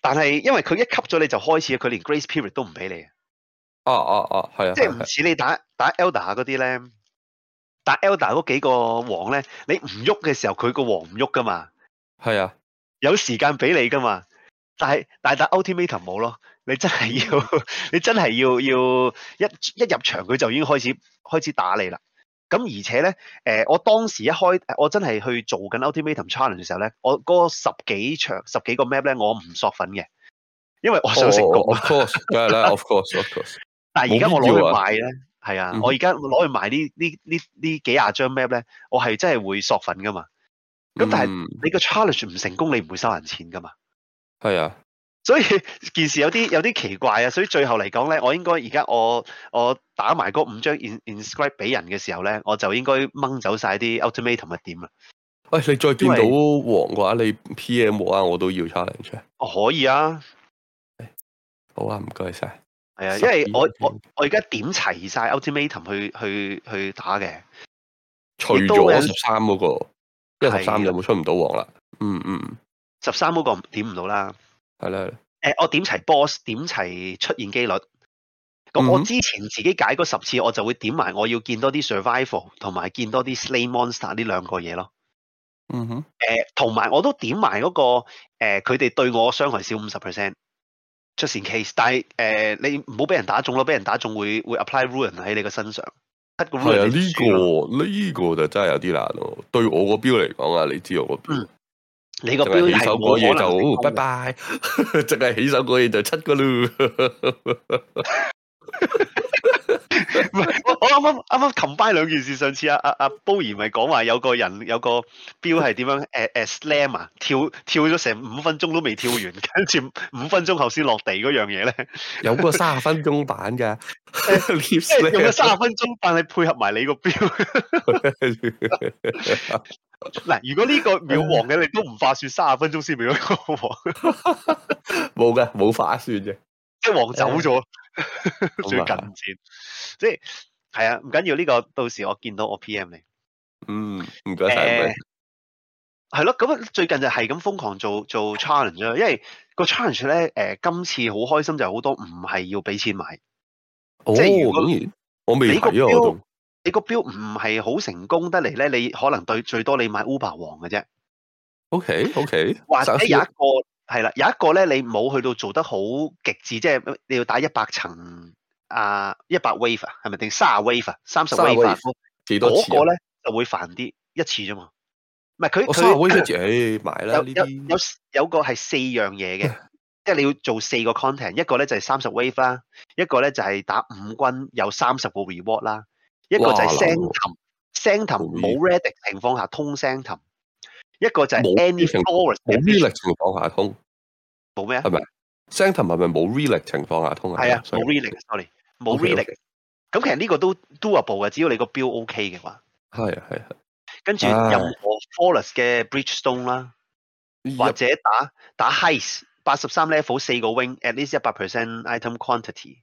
Speaker 2: 但係因為佢一吸咗你就開始，佢連 Grace Period 都唔俾你哦。
Speaker 3: 哦哦哦，係
Speaker 2: 啊，即係唔似你打打 Elder 嗰啲咧，打 Elder 嗰幾個王咧，你唔喐嘅時候，佢個王唔喐噶嘛。係啊，有時間俾你噶嘛但，但係但係打 Ultimatum 冇咯，你真係要，你真係要要一一入場佢就已經開始開始打你啦。咁而且咧，誒、呃，我當時一開，我真係去做緊 Ultimatum Challenge 嘅時候咧，我嗰十幾場、十幾個 map 咧，我唔索粉嘅，因為我想成功、Oh, of course, [LAUGHS] yeah, of course, of course。梗係啦，Of course course，
Speaker 3: 但係而家我攞去賣咧，
Speaker 2: 係啊，我而家攞去賣呢呢呢呢幾廿張 map 咧，我係真係會索粉噶嘛。咁但係你個 challenge 唔成功，你唔會收人錢噶嘛。係、嗯、啊。所以件事有啲有啲奇怪啊！所以最後嚟講咧，我應該而家我我打埋嗰五張 in inscribe 俾人嘅時候咧，我就應該掹走晒啲 ultimatum 同埋點啊！喂、哎，
Speaker 1: 你再見到黃嘅話，你 pm 我啊，我都要差零出。可以啊，好啊，唔該晒。係啊，因
Speaker 2: 為我我我而
Speaker 1: 家點齊晒
Speaker 2: ultimatum 去去去打嘅，
Speaker 3: 除咗十
Speaker 2: 三嗰個，因為十三有冇出唔到黃啦？嗯嗯，十三嗰個點唔到啦。係啦，誒、呃，我點齊 boss，點齊出現幾率。咁、嗯、我之前自己解過十次，我就會點埋我要見多啲 survival，同埋見多啲 slay monster 呢兩個嘢咯。嗯哼，誒、呃，同埋我都點埋嗰、那個誒，佢、呃、哋對我傷害少五十 percent just in case，但係誒、呃，你唔好俾人打中咯，俾人打中會會 apply ruin 喺你個身上。係啊，呢、這個呢、這
Speaker 1: 個就真係有啲難咯、啊。對我個標嚟講啊，你知我個標。嗯你個標題起手過嘢就拜拜！淨係起手過嘢就七個咯。
Speaker 2: 啱啱 combine 兩件事，上次阿阿阿波兒咪講話有個人有個表係點樣誒誒 slam 啊，跳跳咗成五分鐘都未跳完，跟住五分鐘後先落地嗰樣嘢咧，有嗰個三十分鐘版噶， [LAUGHS] 用咗三十分鐘，但係配合埋你個表，嗱 [LAUGHS] [LAUGHS] [LAUGHS] 如果呢個秒王嘅，你都唔化算三十分鐘先秒個王，冇 [LAUGHS] 嘅，冇化算啫。即係王走咗，
Speaker 3: 最、嗯、近戰、
Speaker 2: 啊，即係。係啊，唔緊要呢個，到時我見到我 PM 你。
Speaker 3: 嗯，唔該曬你。
Speaker 2: 係、欸、咯，咁最近就係咁瘋狂做做 challenge 咯，因為個 challenge 咧，誒、呃、今次好開心就係好多唔係要俾錢買。哦，係
Speaker 3: 我未睇啊，你標、
Speaker 2: 那個標唔係好成功得嚟咧，你可能對最多你買 Uber 王嘅啫。OK，OK、okay, okay。或者有一個係啦、啊，有一個咧你冇去到做得好極致，即係你要打一百層。啊，一百 wave 啊，係咪定卅 wave 啊，三十 wave？幾多次？嗰個咧就會煩啲一次啫嘛，唔係，佢佢有有有有個係四樣嘢嘅，即係你要做四個 content，一個咧就係三十 wave 啦，一個咧就係打五軍有三十個 reward 啦，
Speaker 3: 一個就係 Sanctum
Speaker 2: Sanctum 冇 relic 情況下通 Sanctum，
Speaker 1: 一個就係 any forest 冇 relic 情況下通，冇咩啊？係咪 Sanctum 係咪冇 relic 情況下通啊？係啊，冇 relic，sorry。冇 r e
Speaker 2: 咁其實呢個都 doable 嘅，只要你個 build OK 嘅話。
Speaker 1: 係係係，跟住、啊、任何
Speaker 2: Flawless 嘅 Breachstone 啦，或者打打 heist 八十三 level 四個 wing at least 一百 percent item quantity。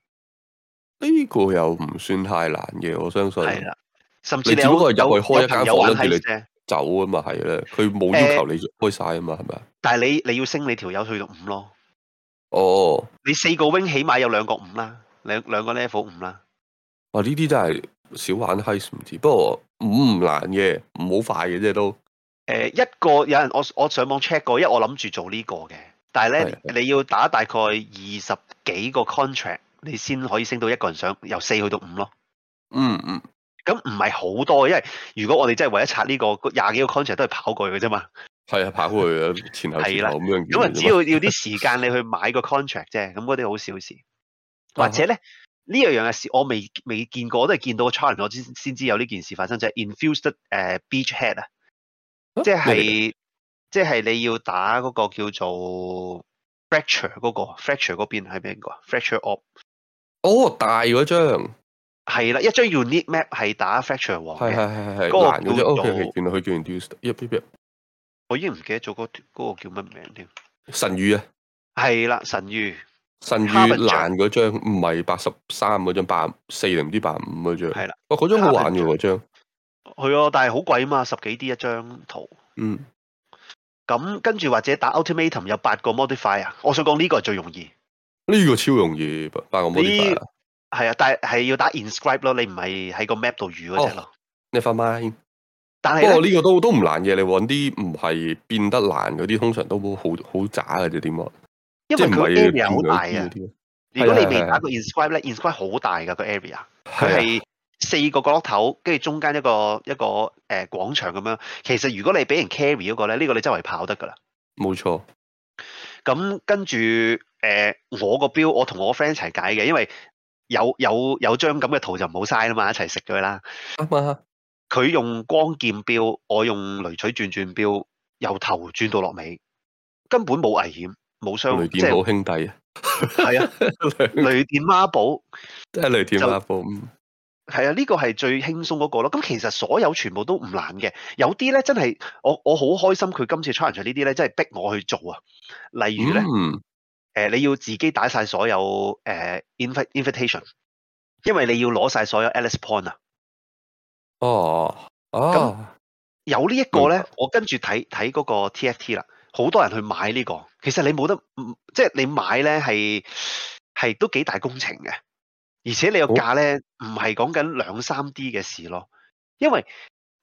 Speaker 1: 呢、這個又唔算太難嘅，我相信。係啦、啊，甚至你，有你只不過入去開一間房間，跟住你走啊嘛，係啦，佢冇要求你開晒啊嘛，係咪啊？但係你你要升你條
Speaker 2: 友去到五咯。哦、
Speaker 1: oh.。你四個 wing 起碼有兩個五啦。兩兩個 level 五啦、啊，哇！呢啲真係少玩，high 唔知。不過五唔難嘅，唔好快嘅，啫。都、呃。誒，一
Speaker 2: 個有人我我上網 check 過，因為我諗住做呢個嘅，但係咧你要打大概二十幾個 contract，你先可以升到一個人上，由四去到五咯。嗯嗯，咁唔係好多，因為如果我哋真係為咗拆呢個廿幾個 contract 都係跑過去嘅
Speaker 1: 啫嘛。係啊，跑過去前後前後咁樣。
Speaker 2: 咁 [LAUGHS] 啊，只要要啲時間你去買個 contract 啫，咁嗰啲好小事。或者咧呢、uh-huh. 樣樣嘅事，我未未見過，都係見到個 challenge 我先先知有呢件事發生，就係、是、infused、uh, beachhead 啊，即係即係你要打嗰個叫做 fracture 嗰、那個 fracture 嗰邊係邊個？fracture o p 哦大嗰張係啦，一張 unique map 係打 fracture 王嘅，係係係係嗰個叫
Speaker 1: 原來佢叫 infused
Speaker 2: 我已經唔記得咗嗰嗰個叫乜名添？
Speaker 1: 神諭啊，係啦，神諭。甚至難嗰張唔係八十三嗰張八四定唔知八五嗰張係啦，嗰張好玩嘅嗰張，
Speaker 2: 係啊，但係好貴啊嘛，十幾啲一張圖。嗯，咁跟住或者打 Ultimatum 有八個 modifier 啊，我想講呢個係最容易。呢個超容易八個 modifier，係啊，但係係要打 inscribe 咯，你唔係喺個 map 度魚嗰隻咯，oh，你發 mind 但係不過呢個都都
Speaker 1: 唔難嘅，你搵啲唔係變得難嗰啲，通常都好好渣嘅，即點因為
Speaker 2: 佢 area
Speaker 3: 好大啊！如果你未打
Speaker 2: 過 inscribe 咧，inscribe 好大噶個 area，佢係四個角落頭，跟住中間一個一個誒廣、呃、場咁樣。其實如果你俾人 carry 嗰、那個咧，呢、這個你周圍跑得噶啦。冇錯。咁跟住誒、呃，我個標我同我 friend 一齊解嘅，因為有有有張咁嘅圖就唔好嘥啦嘛，一齊食佢啦。佢用光劍標，我用雷鎚轉轉標，由頭轉到落尾，根本冇危險。冇雙，即係冇兄弟啊！係啊，雷電孖寶，就是，即 [LAUGHS] 係雷電孖寶。係、就、啊、是，呢、那個係最輕鬆嗰個咯。咁、嗯、其實所有全部都唔難嘅，有啲咧真係我我好開心，佢今次 try out 呢啲咧，真係逼我去做啊。例如咧，誒、嗯呃，你要自己打晒所有誒、呃、Invitation，因為你要攞晒所有 Alice Point 啊。哦，咁、哦、有這個呢一個咧，我跟住睇睇嗰個 TFT 啦。好多人去買呢個，其實你冇得，嗯、即係你買咧係係都幾大工程嘅，而且你個價咧唔係講緊兩三 D 嘅事咯，因為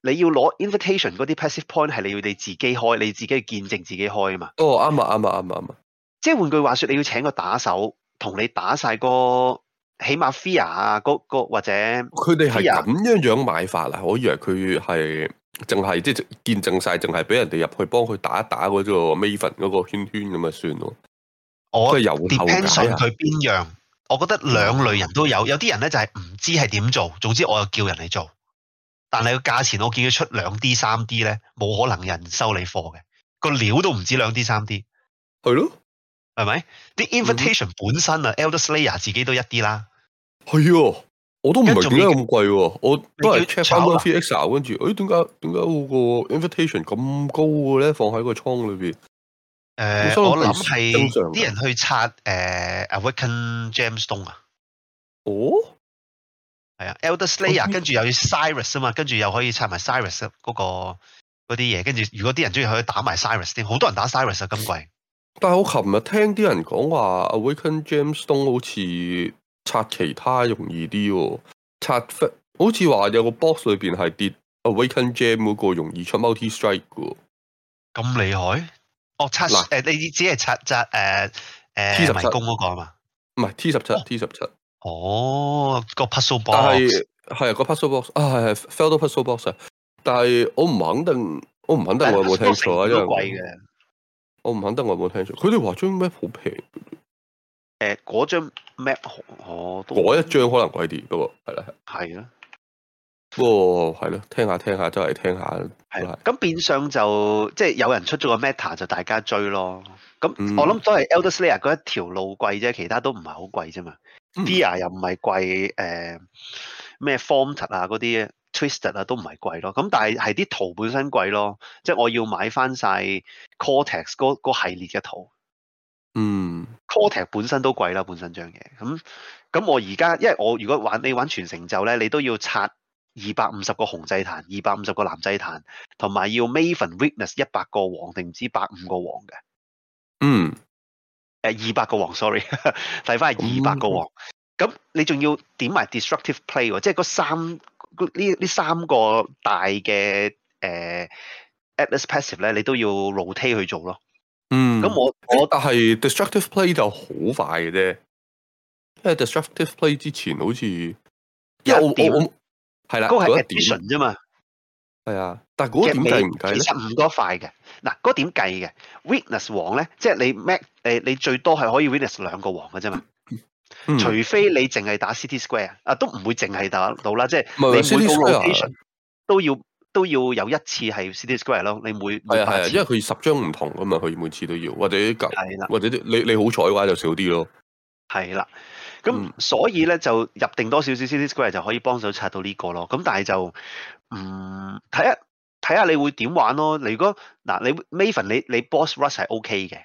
Speaker 2: 你要攞 invitation 嗰啲 passive point 係你要你自己開，你自己去見證自己開啊嘛。哦，啱啊，啱啊，啱啊，啱啊。即係換句話說，你要請個打手同你打晒個起碼 Feared 啊，嗰個或者
Speaker 1: 佢哋係咁樣樣買法啦，我以為佢係。淨係即係見證晒，淨係俾人哋入去幫佢打一打嗰個 Maven 嗰個圈圈咁啊，算咯。我 depend
Speaker 2: on 佢邊樣，我覺得兩類人都有。有啲人咧就係唔知係點做，總之我又叫人嚟做。但係個價錢我見佢出兩 D 三 D 咧，冇可能有人收你貨嘅。個料都唔止兩 D 三 D。係咯，係咪？嗯？啲 invitation 本身啊，Elder Slayer 自己都一啲啦。係。我都唔係點解咁貴
Speaker 1: 喎，我都係 check 翻 my FSA，跟住誒，點解點解嗰個 invitation 咁高嘅咧？放喺個倉裏邊。誒、呃，我諗係啲人
Speaker 2: 去拆誒 Awaken Gemstone 啊。哦，係啊，Elder Slayer 啊跟住又要 Sirus 啊嘛，跟住又可以拆埋 Sirus 嗰、那個嗰啲嘢。跟住如果啲人中意可以打埋 Sirus 添，好多人打 Sirus 啊，咁貴。
Speaker 1: 但係我琴日聽啲人講話 Awaken Gemstone 好似。拆其他容易啲喎、哦，拆好似話有個 box 裏邊係跌，Awakened Gem 嗰個容易出 Multi Strike 噶、哦，咁厲害？
Speaker 2: 哦，拆誒、呃，你只係拆就誒誒迷宮
Speaker 1: 嗰個啊嘛？唔係 T 十七 T 十七。哦，個 puzzle box。但係，係啊，個 puzzle box 啊，係係 fellow puzzle box 啊。但係我唔肯定，我唔肯定我有冇聽錯啊鬼，因為好貴嘅。我唔肯定我有冇聽錯，佢哋話張咩好平。誒、呃，嗰張 Map 哦，嗰一張可能貴啲，不過係啦，係啦，不過係咯，聽下聽下真係聽下，係啦。咁變相就
Speaker 2: 即係有人出咗個 Meta，就大家追咯。咁我諗都係 Elder Slayer 嗰一條路貴啫，其他都唔係好貴啫嘛。Dia、嗯、又唔係貴，誒、呃、咩 Form 七啊嗰啲 Twisted 啊都唔係貴咯。咁但係係啲圖本身貴咯，即係我要買翻晒 Cortex 嗰個系列嘅圖，嗯。Coating 本身都貴啦，本身張嘢。咁、嗯、咁我而家，因為我如果玩你玩全成就咧，你都要刷二百五十個紅祭壇，二百五十個藍祭壇，同埋要 Maven Witness 一百個王定唔知百五個王嘅。嗯。誒二百個王，sorry，睇翻係二百個王。咁、 [LAUGHS] 嗯、你仲要點埋 destructive play 喎？即係嗰三呢呢三個大嘅誒、呃、Atlas Passive 咧，你
Speaker 1: 都要 rotate 去做咯。咁我我、嗯、但係 destructive play 就好快嘅啫，因為 destructive play 之前好似有一點係啦，嗰個係 addition 啫嘛，係啊，那個、是但係嗰個點計唔計啦。其實唔多快嘅，
Speaker 2: 嗱、那、嗰個點計嘅，Witness 王咧，即係你 Mac 誒，你最多係可以 Witness 兩個王嘅啫嘛，除非你淨係打 City Square 啊，都唔會淨係打到啦，即係你每個 location、嗯、都要。都要有一次係 City Square 咯，你每啊，每啊，因為
Speaker 1: 佢十張唔同啊嘛，佢每次都要，或者揀，或者你你好彩嘅話就少啲咯。係啦，咁所以咧、嗯、就入定多少少 City Square 就可以幫手刷到呢
Speaker 2: 個咯。咁但係就唔睇下睇下你會點玩咯。你如果嗱你 Maven 你你 Boss Rush 係 OK 嘅，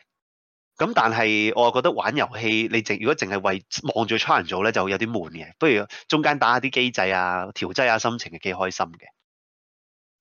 Speaker 2: 咁但係我覺得玩遊戲你淨如果淨係為望住 challenge 做咧就會有啲悶嘅。不如中間打一下啲機制啊，調劑下、啊、心情係、啊、幾開心嘅。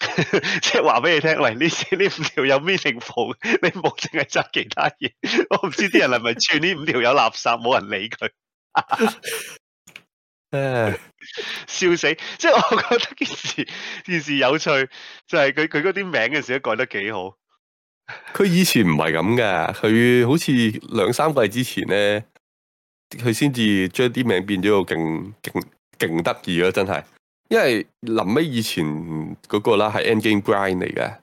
Speaker 2: [LAUGHS] 即係話俾你聽，喂，呢呢五條有咩情報？你冇淨係執其他嘢，我唔知啲人係咪串呢五條有垃圾，冇 [LAUGHS] 人理佢。誒，笑死！即係我覺得件事，件事有趣就係佢佢嗰啲名嘅時都改得幾好。
Speaker 1: 佢以前唔係咁噶，佢好似兩三季之前咧，佢先至將啲名變咗個勁勁勁得意咯，真係。因為臨尾以前嗰個啦，係 Endgame grind 嚟嘅，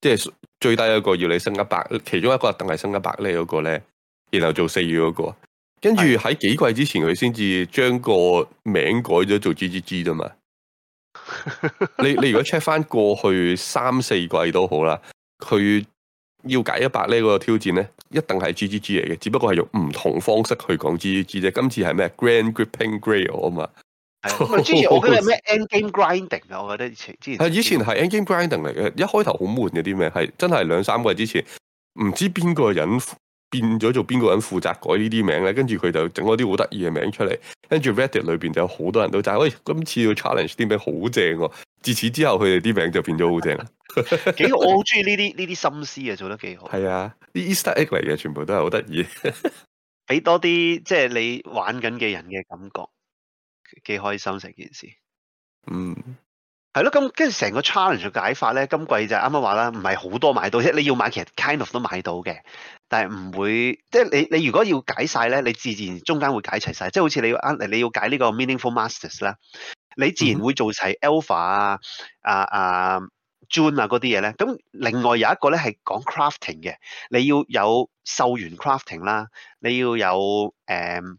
Speaker 1: 即係最低一個要你升一百，其中一個一定係升一百咧嗰個咧，然後做四月嗰個，跟住喺幾季之前佢先至將個名改咗做 G G G 啫嘛。 [LAUGHS] 你你如果 check 翻過去三四季都好啦，佢要解一百咧個挑戰咧，一定係 G G G 嚟嘅，只不過係用唔同方式去講 G G G 啫。今次係咩 Grand Gripping Grill 啊嘛。之前、oh、我覺得咩
Speaker 2: 《End Game Grinding》啊，我覺得以前之前係
Speaker 1: 以前係《End Game Grinding》嚟嘅，一開頭好悶嘅啲名，係真係兩三個月之前，唔知邊個人變咗做邊個人負責改呢啲名咧，跟住佢就整咗啲好得意嘅名出嚟，跟住 Reddit 裏邊就有好多人都就係喂，今次要 challenge 啲名好正喎！自此之後，佢哋啲名就變咗、啊、 [LAUGHS] 好正啦。我好
Speaker 2: 中意呢啲呢啲心思啊，做得幾
Speaker 1: 好。係啊，啲 Easter Egg 嚟嘅，全部都係好得意，俾
Speaker 2: 多啲即係你玩緊嘅人嘅感覺。幾開心成件事，嗯，嗯，係咯，咁跟住成個 challenge 嘅解法咧，今季就啱啱話啦，唔係好多買到，即係你要買，其實 kind of 都買到嘅，但係唔會，即係你你如果要解晒咧，你自然中間會解齊晒，即係好似你要你要解呢個 meaningful masters 啦，你自然會做齊 alpha 啊、嗯、啊啊 Jun 啊嗰啲嘢咧，咁另外有一個咧係講 crafting 嘅，你要有秀完 crafting 啦，你要有誒。嗯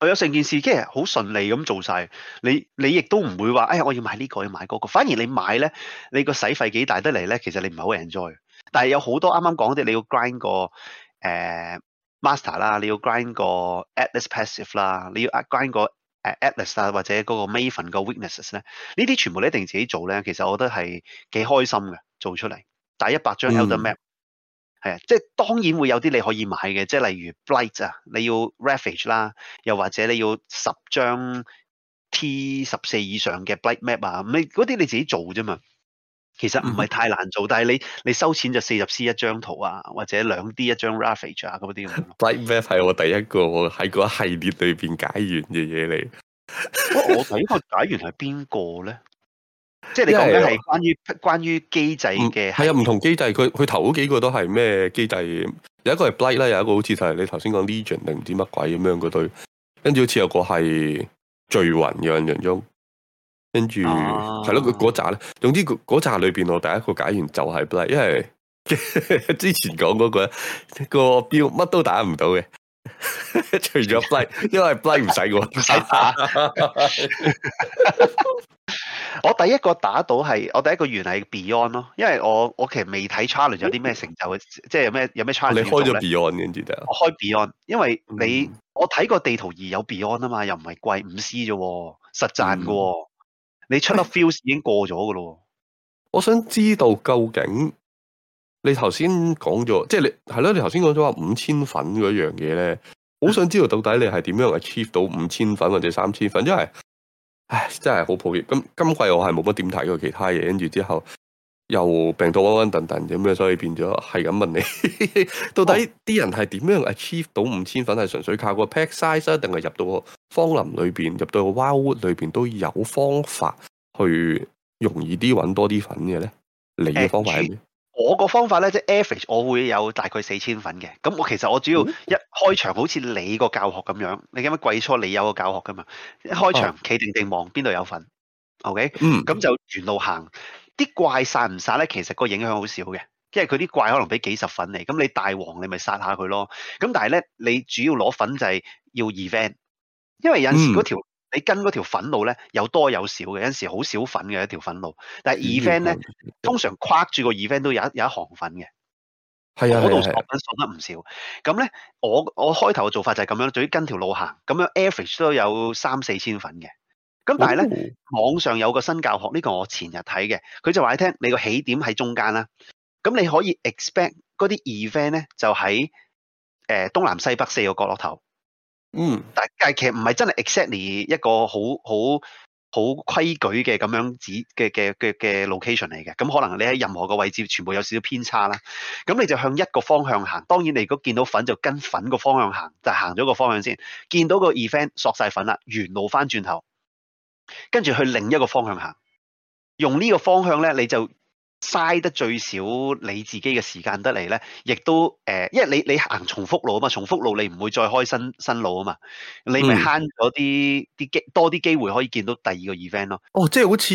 Speaker 2: 我有成件事，即係好順利咁做晒，你你亦都唔會話，哎呀，我要買呢、這個，要買嗰、那個。反而你買咧，你個使費幾大得嚟咧？其實你唔係好 enjoy，但係有好多啱啱講啲，你要 grind 個誒、呃、master 啦，你要 grind 個 atlas passive 啦，你要 grind 個誒 atlas 啊，或者嗰個 maven 個 witness e 咧，呢啲全部你一定自己做咧。其實我覺得係幾開心嘅，做出嚟。但一百張 elder map、嗯。係啊，即係當然會有啲你可以買嘅，即係例如 Blight 啊，你要 Ravage 啦，又或者你要十張 T 十四以上嘅 Blight Map 啊，咁你嗰啲你自己做啫嘛，其實唔係太難做，嗯、但係你你收錢就四十 C 一張圖啊，或者兩 D 一張 Ravage 啊嗰啲。
Speaker 1: Blight Map 係我第一個喎，喺個系列裏邊解完嘅嘢嚟。 [LAUGHS] 我睇過解完係邊個咧？
Speaker 2: 即係你講緊係關於、啊、關於機制嘅
Speaker 1: 係啊，唔、嗯、同機制佢佢頭嗰幾個都係咩機制？有一個係 Blight 啦，有一個好似就係你頭先講 Legion 定唔知乜鬼咁樣嗰堆，跟住好似有個係聚魂嘅印象中，跟住係咯，佢嗰扎咧，總之嗰嗰扎裏邊我第一個解完就係 Blight 因為 [LAUGHS] 之前講嗰、那個一、那個標乜都打唔到嘅，除咗 Blight [LAUGHS] 因為 Blight 唔使㗎。 [LAUGHS]
Speaker 3: 用打 [LAUGHS]
Speaker 2: 我第一個打到係我第一個原來係 Beyond 咯，因為我我其實未睇 challenge 有啲咩成就，嗯、即係有咩有咩 challenge。你開咗 Beyond 你知唔知？我開 Beyond，因為你、嗯、我睇過地圖二有 Beyond 啊嘛，又唔係貴五 C
Speaker 1: 啫，實賺嘅、嗯。你出粒 Fuse 已經過咗嘅咯。我想知道究竟你頭先講咗，即、就、係、是、你係咯？你頭先講咗話五千粉嗰樣嘢咧，好、嗯、想知道到底你係點樣 achieve 到五千粉或者三千粉，因為。唉，真係好抱歉。咁今季我係冇乜點睇過其他嘢，跟住之後又病到穩穩頓頓咁嘅，所以變咗係咁問你，到底啲人係點樣 achieve 到五千粉？係純粹靠個 pack size 定係入到個荒林裏邊，入到個 Wildwood 裏邊都有方法去容易啲搵多啲粉嘅咧？你嘅方法係咩？
Speaker 2: 我個方法咧，即係 average，我會有大概四千粉嘅。咁我其實我主要一開場、嗯、好似你個教學咁樣，你咁樣季初你有個教學噶嘛？一開場企、啊、定定望邊度有粉，OK，咁、嗯、就沿路行。啲怪殺唔殺咧，其實個影響好少嘅，即係佢啲怪可能俾幾十粉你，咁你大王你咪殺下佢咯。咁但係咧，你主要攞粉就係要 event，因為有時嗰條、嗯。你跟嗰條粉路咧，有多有少嘅，有陣時好少粉嘅一條粉路，但係 event 咧、嗯嗯嗯、通常跨住個 event 都有一有一行粉嘅，係啊，係啊，度得唔少。咁咧、啊啊啊、我我開頭嘅做法就係咁樣，總之跟條路行，咁樣 average 都有三四千粉嘅。咁但係咧、嗯、網上有個新教學，呢、這個我前日睇嘅，佢就話你聽，你個起點喺中間啦，咁你可以 expect 嗰啲 event 咧就喺誒、呃、東南西北四個角落頭。嗯，但係其實唔係真係 exactly 一個好好好規矩嘅咁樣子嘅嘅嘅嘅 location 嚟嘅，咁可能你喺任何個位置，全部有少少偏差啦。咁你就向一個方向行，當然你如果見到粉就跟粉個方向行，就行咗個方向先，見到個 event 索晒粉啦，原路翻轉頭，跟住去另一個方向行，用呢個方向咧，你就。嘥得最少你自己嘅時間得嚟咧，亦都誒，因為你你行重複路啊嘛，重複路你唔會再開新新路啊嘛，你咪慳咗啲啲機多啲機會可以見到第二個 event 咯。
Speaker 1: 哦，即係好似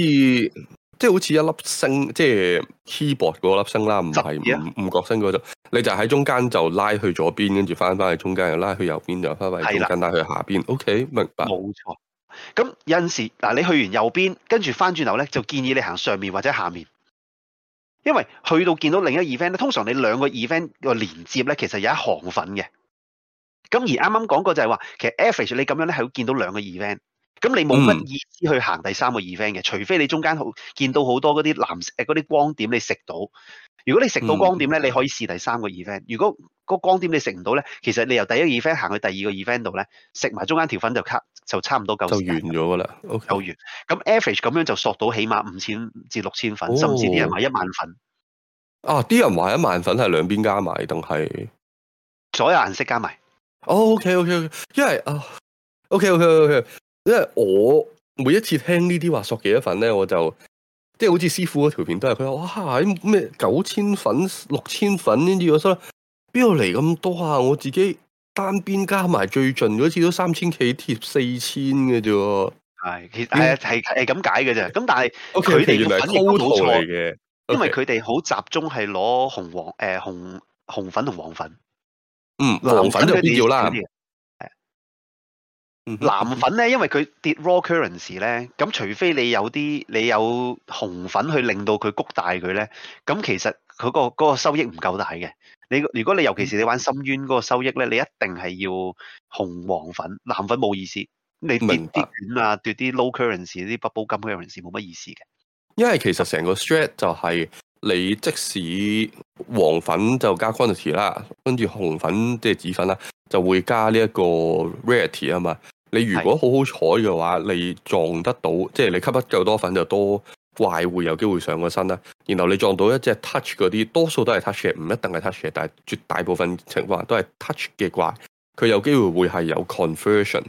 Speaker 1: 即係好似一粒星，即係 keyboard 嗰粒星啦，唔係唔唔覺星嗰種，你就喺中間就拉去左邊，跟住翻翻去中間又拉去右邊，又翻翻去中間拉去下邊。OK 明白？冇錯。
Speaker 2: 咁有時嗱，你去完右邊，跟住翻轉頭咧，就建議你行上面或者下面。因為去到見到另一個 event 咧，通常你兩個 event 個連接咧，其實有一行粉嘅。咁而啱啱講過就係話，其實 average 你咁樣咧係會見到兩個 event，咁你冇乜意思去行第三個 event 嘅、嗯，除非你中間好見到好多嗰啲藍色嗰啲光點你食到。如果你食到光點咧，你可以試第三個 event、嗯。如果個光點你食唔到咧，其實你由第一個 event 行去第二個 event 度咧，食埋中間條粉就 cut。就差唔多夠、okay，就完
Speaker 1: 咗噶啦，夠完。咁 average 咁樣就索到起碼五千至六千粉、哦，甚至啲人話一萬粉。啊！啲人話一萬粉係兩邊加埋定係所有顏色加埋？O K O K，因為啊，O K O K O K，因為我每一次聽呢啲話索幾多粉咧，我就即係、就是、好似師傅嗰條片都係，佢話哇咩九千粉、六千粉呢？如我收邊度嚟咁多啊？我自己。單邊加埋最近嗰次都三千幾貼四千嘅啫，係，其實係啊係係咁解嘅啫。咁但係佢哋肯定都係嘅，okay, okay.
Speaker 2: 因為佢哋好集中係攞紅黃誒、呃、紅紅粉同黃粉，嗯藍粉都必要啦，係，藍粉咧、嗯嗯，因為佢跌 raw currency 咧，咁除非你有啲你有紅粉去令到佢谷大佢咧，咁其實佢、嗰個、嗰個收益唔夠大嘅。你如果你尤其是你玩深淵嗰個收益咧，你一定係要紅黃粉，藍粉冇意思。你跌啲短啊，跌啲 low currency 啲不保金嘅 currency 冇乜意思嘅。
Speaker 1: 因為其實成個 strat 就係你即使黃粉就加 quantity 啦，跟住紅粉即係紫粉啦，就會加呢一個 rarity 啊嘛。你如果好好彩嘅話，你撞得到是即係你吸得夠多粉就多。怪會有機會上個身啦，然後你撞到一隻 touch 嗰啲，多數都係 touch，唔一定係 touch，但絕大部分情況都係 touch 嘅怪，佢有機會會係有 conversion，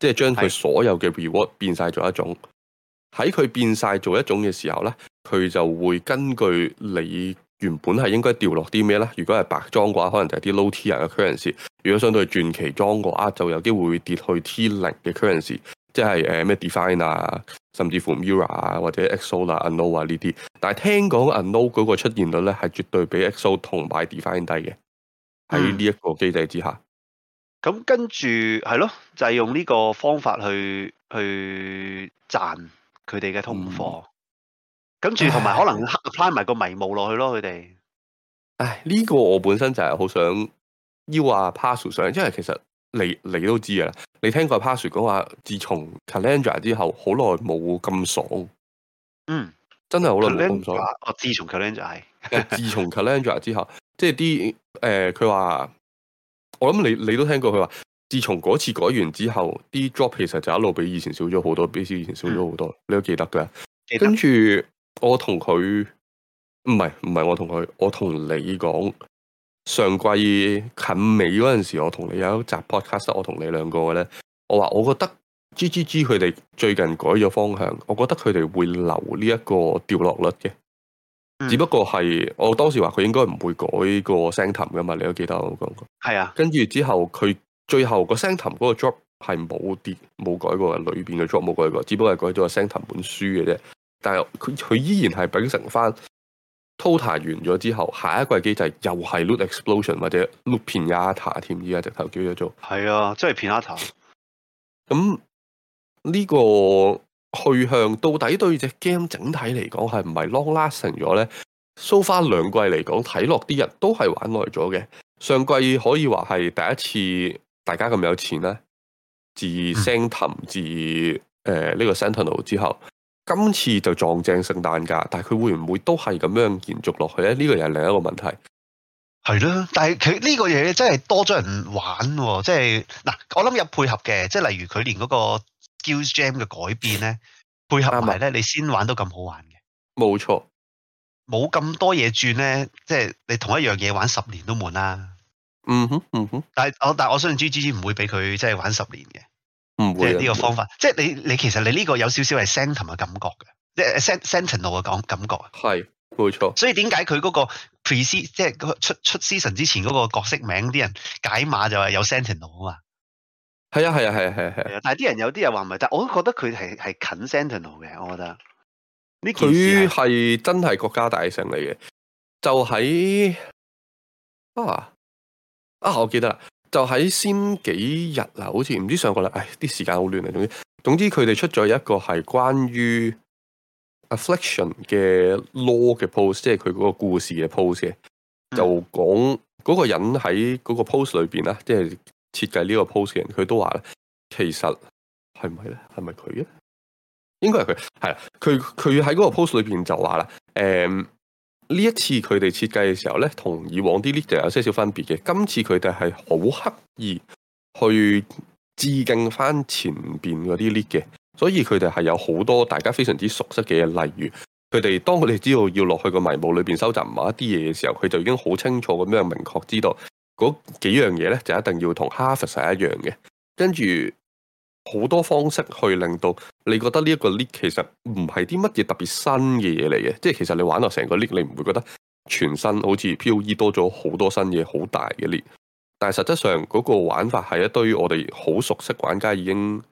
Speaker 1: 即係將佢所有嘅 reward 變晒做一種。喺佢變晒做一種嘅時候呢，佢就會根據你原本係應該掉落啲咩呢？如果係白裝嘅話，可能就係啲 low tier 嘅 currency；如果相對係傳奇裝嘅話，就有機會跌去 tier 零嘅 currency。即係誒咩 define 啊，甚至乎 mirror 啊，或者 exo 啦、啊、ano 啊呢啲、啊，但係聽講 ano 嗰個出現率咧係絕對比 exo 同埋 define 低嘅，喺呢一個機制之下。
Speaker 2: 咁跟住係咯，就係用呢個方法去去賺佢哋嘅通貨。跟住同埋可能黑翻埋個
Speaker 1: 迷霧落去咯，佢哋。唉，呢、這個我本身就係好想要話 pass 上，因為其實。你你都知嘅啦，你聽過 Pashu 講話，自從 Kalandra 之後，好耐冇咁爽。嗯，真係好耐冇咁爽。我自從 Kalandra 自從 Kalandra 之後， [LAUGHS] 即係啲誒，佢、呃、話我諗你你都聽過佢話，自從嗰次改完之後，啲 drop 其實就一路比以前少咗好多，比以前少咗好多，嗯，你都記得嘅。記得。跟住我同佢，唔係唔係我同佢，我同你講。上季近尾嗰陣時候，我同你有一集 podcast，我同你兩個嘅咧，我話我覺得 G G G 佢哋最近改咗方向，我覺得佢哋會留呢一個掉落率嘅，嗯、只不過係我當時話佢應該唔會改個聲壇噶嘛，你都記得我講過？係啊，跟住之後佢最後個聲壇嗰個 drop 係冇跌冇改過，裏邊嘅 drop 冇改過，只不過係改咗個聲壇本書嘅啫，但係佢佢依然係秉承翻。Total 完咗之後，下一季機制又係 Loot Explosion 或者 Loot Pinata 添，而家直頭叫咗做係啊，即係 Pinata。咁呢個去向到底對隻 game 整體嚟講係唔係 long lasting 咗咧？so far 兩季嚟講，睇落啲人都係玩耐咗嘅。上季可以話係第一次大家咁有錢啦，自 Sanctum、嗯、至 n t 誒呢個 Sentinel 之後。今次就撞正聖誕假，但係佢會唔會都係咁樣延續落去咧？呢個又係另一個問題。
Speaker 2: 係啦，但係佢呢個嘢真係多咗人玩，即係嗱，我諗有配合嘅，即係例如佢連嗰個 Skill Gem 嘅改變咧，配合埋咧，你先玩都咁好玩嘅。冇錯，冇咁多嘢轉咧，即係你同一樣嘢玩十年都悶啦。
Speaker 3: 嗯哼，嗯哼，
Speaker 2: 但。但係我但係我相信 Gigi 唔會俾佢即係玩十年嘅。唔會，即係呢個方法，即係你你其實你呢個有少少係 Sentinel 嘅感覺嘅，即係 sent Sentinel 嘅感感覺。係，冇錯。所以點解佢嗰個 pre s e 即係出出，出 season 之前嗰個角色名，啲人解碼就係有 Sentinel 啊嘛。係啊，係啊，係啊，係啊，係啊。但係啲人有啲又話唔係，但係我都覺得佢
Speaker 1: 係係近 Sentinel 嘅，我覺得呢件事。佢係真係國家大城嚟嘅，就喺、是、啊啊，我記得啦。就喺先幾日啦，好似唔知道上個禮，唉，啲時間好亂啊。總之，總之佢哋出咗一個係關於 Affliction 嘅 lore 嘅 post，即係佢嗰個故事嘅 post 嘅，就講嗰個人喺嗰個 post 裏邊啦，即係設計呢個 post 嘅人，佢都話啦，其實係唔係咧？係咪佢咧？應該係佢，係啦，佢佢喺嗰個 post 裏邊就話啦，誒、嗯。呢一次佢哋設計嘅時候呢，同以往啲 league 就有些少分別嘅。今次佢哋係好刻意去致敬翻前邊嗰啲 league 嘅，所以佢哋係有好多大家非常之熟悉嘅嘢。例如，佢哋當佢哋知道要落去個迷霧裏邊收集某一啲嘢嘅時候，佢就已經好清楚咁樣明確知道嗰幾樣嘢呢，就一定要同 Harvest 一樣嘅，跟住。好多方式去令到你覺得呢一個 league 其實唔係啲乜嘢特別新嘅嘢嚟嘅，即係其實你玩到成個 league，你唔會覺得全新好似 P O E 多咗好多新嘢，好大嘅 league，但係實質上嗰個玩法係一堆我哋好熟悉，玩家已經。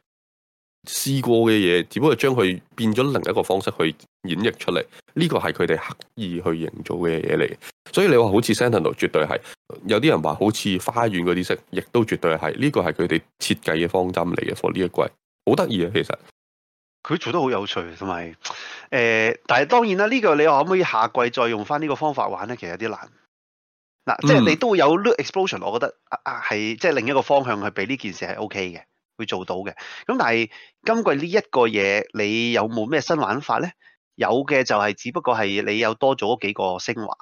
Speaker 1: 試過嘅嘢，只不過將佢變咗另一個方式去演繹出嚟，呢個係佢哋刻意去營造嘅嘢嚟。所以你話好似 Sentinel 絕對係有啲人話好似花園嗰啲色，亦都絕對係呢個係佢哋設計嘅方針嚟嘅。for 呢一季好得意啊，其實
Speaker 2: 佢做得好有趣，同埋誒，但係當然啦，呢、這個你話可唔可以下季再用翻呢個方法玩咧？其實有啲難嗱、嗯，即係你都會有 loop explosion，我覺得啊啊係即係另一個方向去俾呢件事係 OK 嘅。會做到嘅，咁但係今季呢一個嘢，你有冇咩新玩法咧？有嘅就係、是、只不過係你有多咗幾個升華，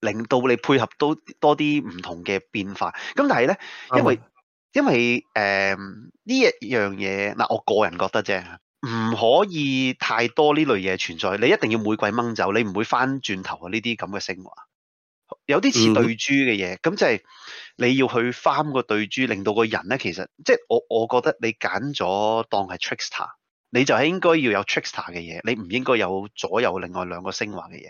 Speaker 2: 令到你配合多啲唔同嘅變化。咁但係咧，因為、嗯、因為誒呢一樣嘢嗱，我個人覺得啫，唔可以太多呢類嘢存在。你一定要每季掹走，你唔會翻轉頭啊呢啲咁嘅升華。有啲似對珠嘅嘢，咁、嗯、就係你要去翻個對珠，令到個人咧，其實即係我我覺得你揀咗當係 trickster，你就係應該要有 trickster 嘅嘢，你唔應該有左右另外兩個升華嘅嘢、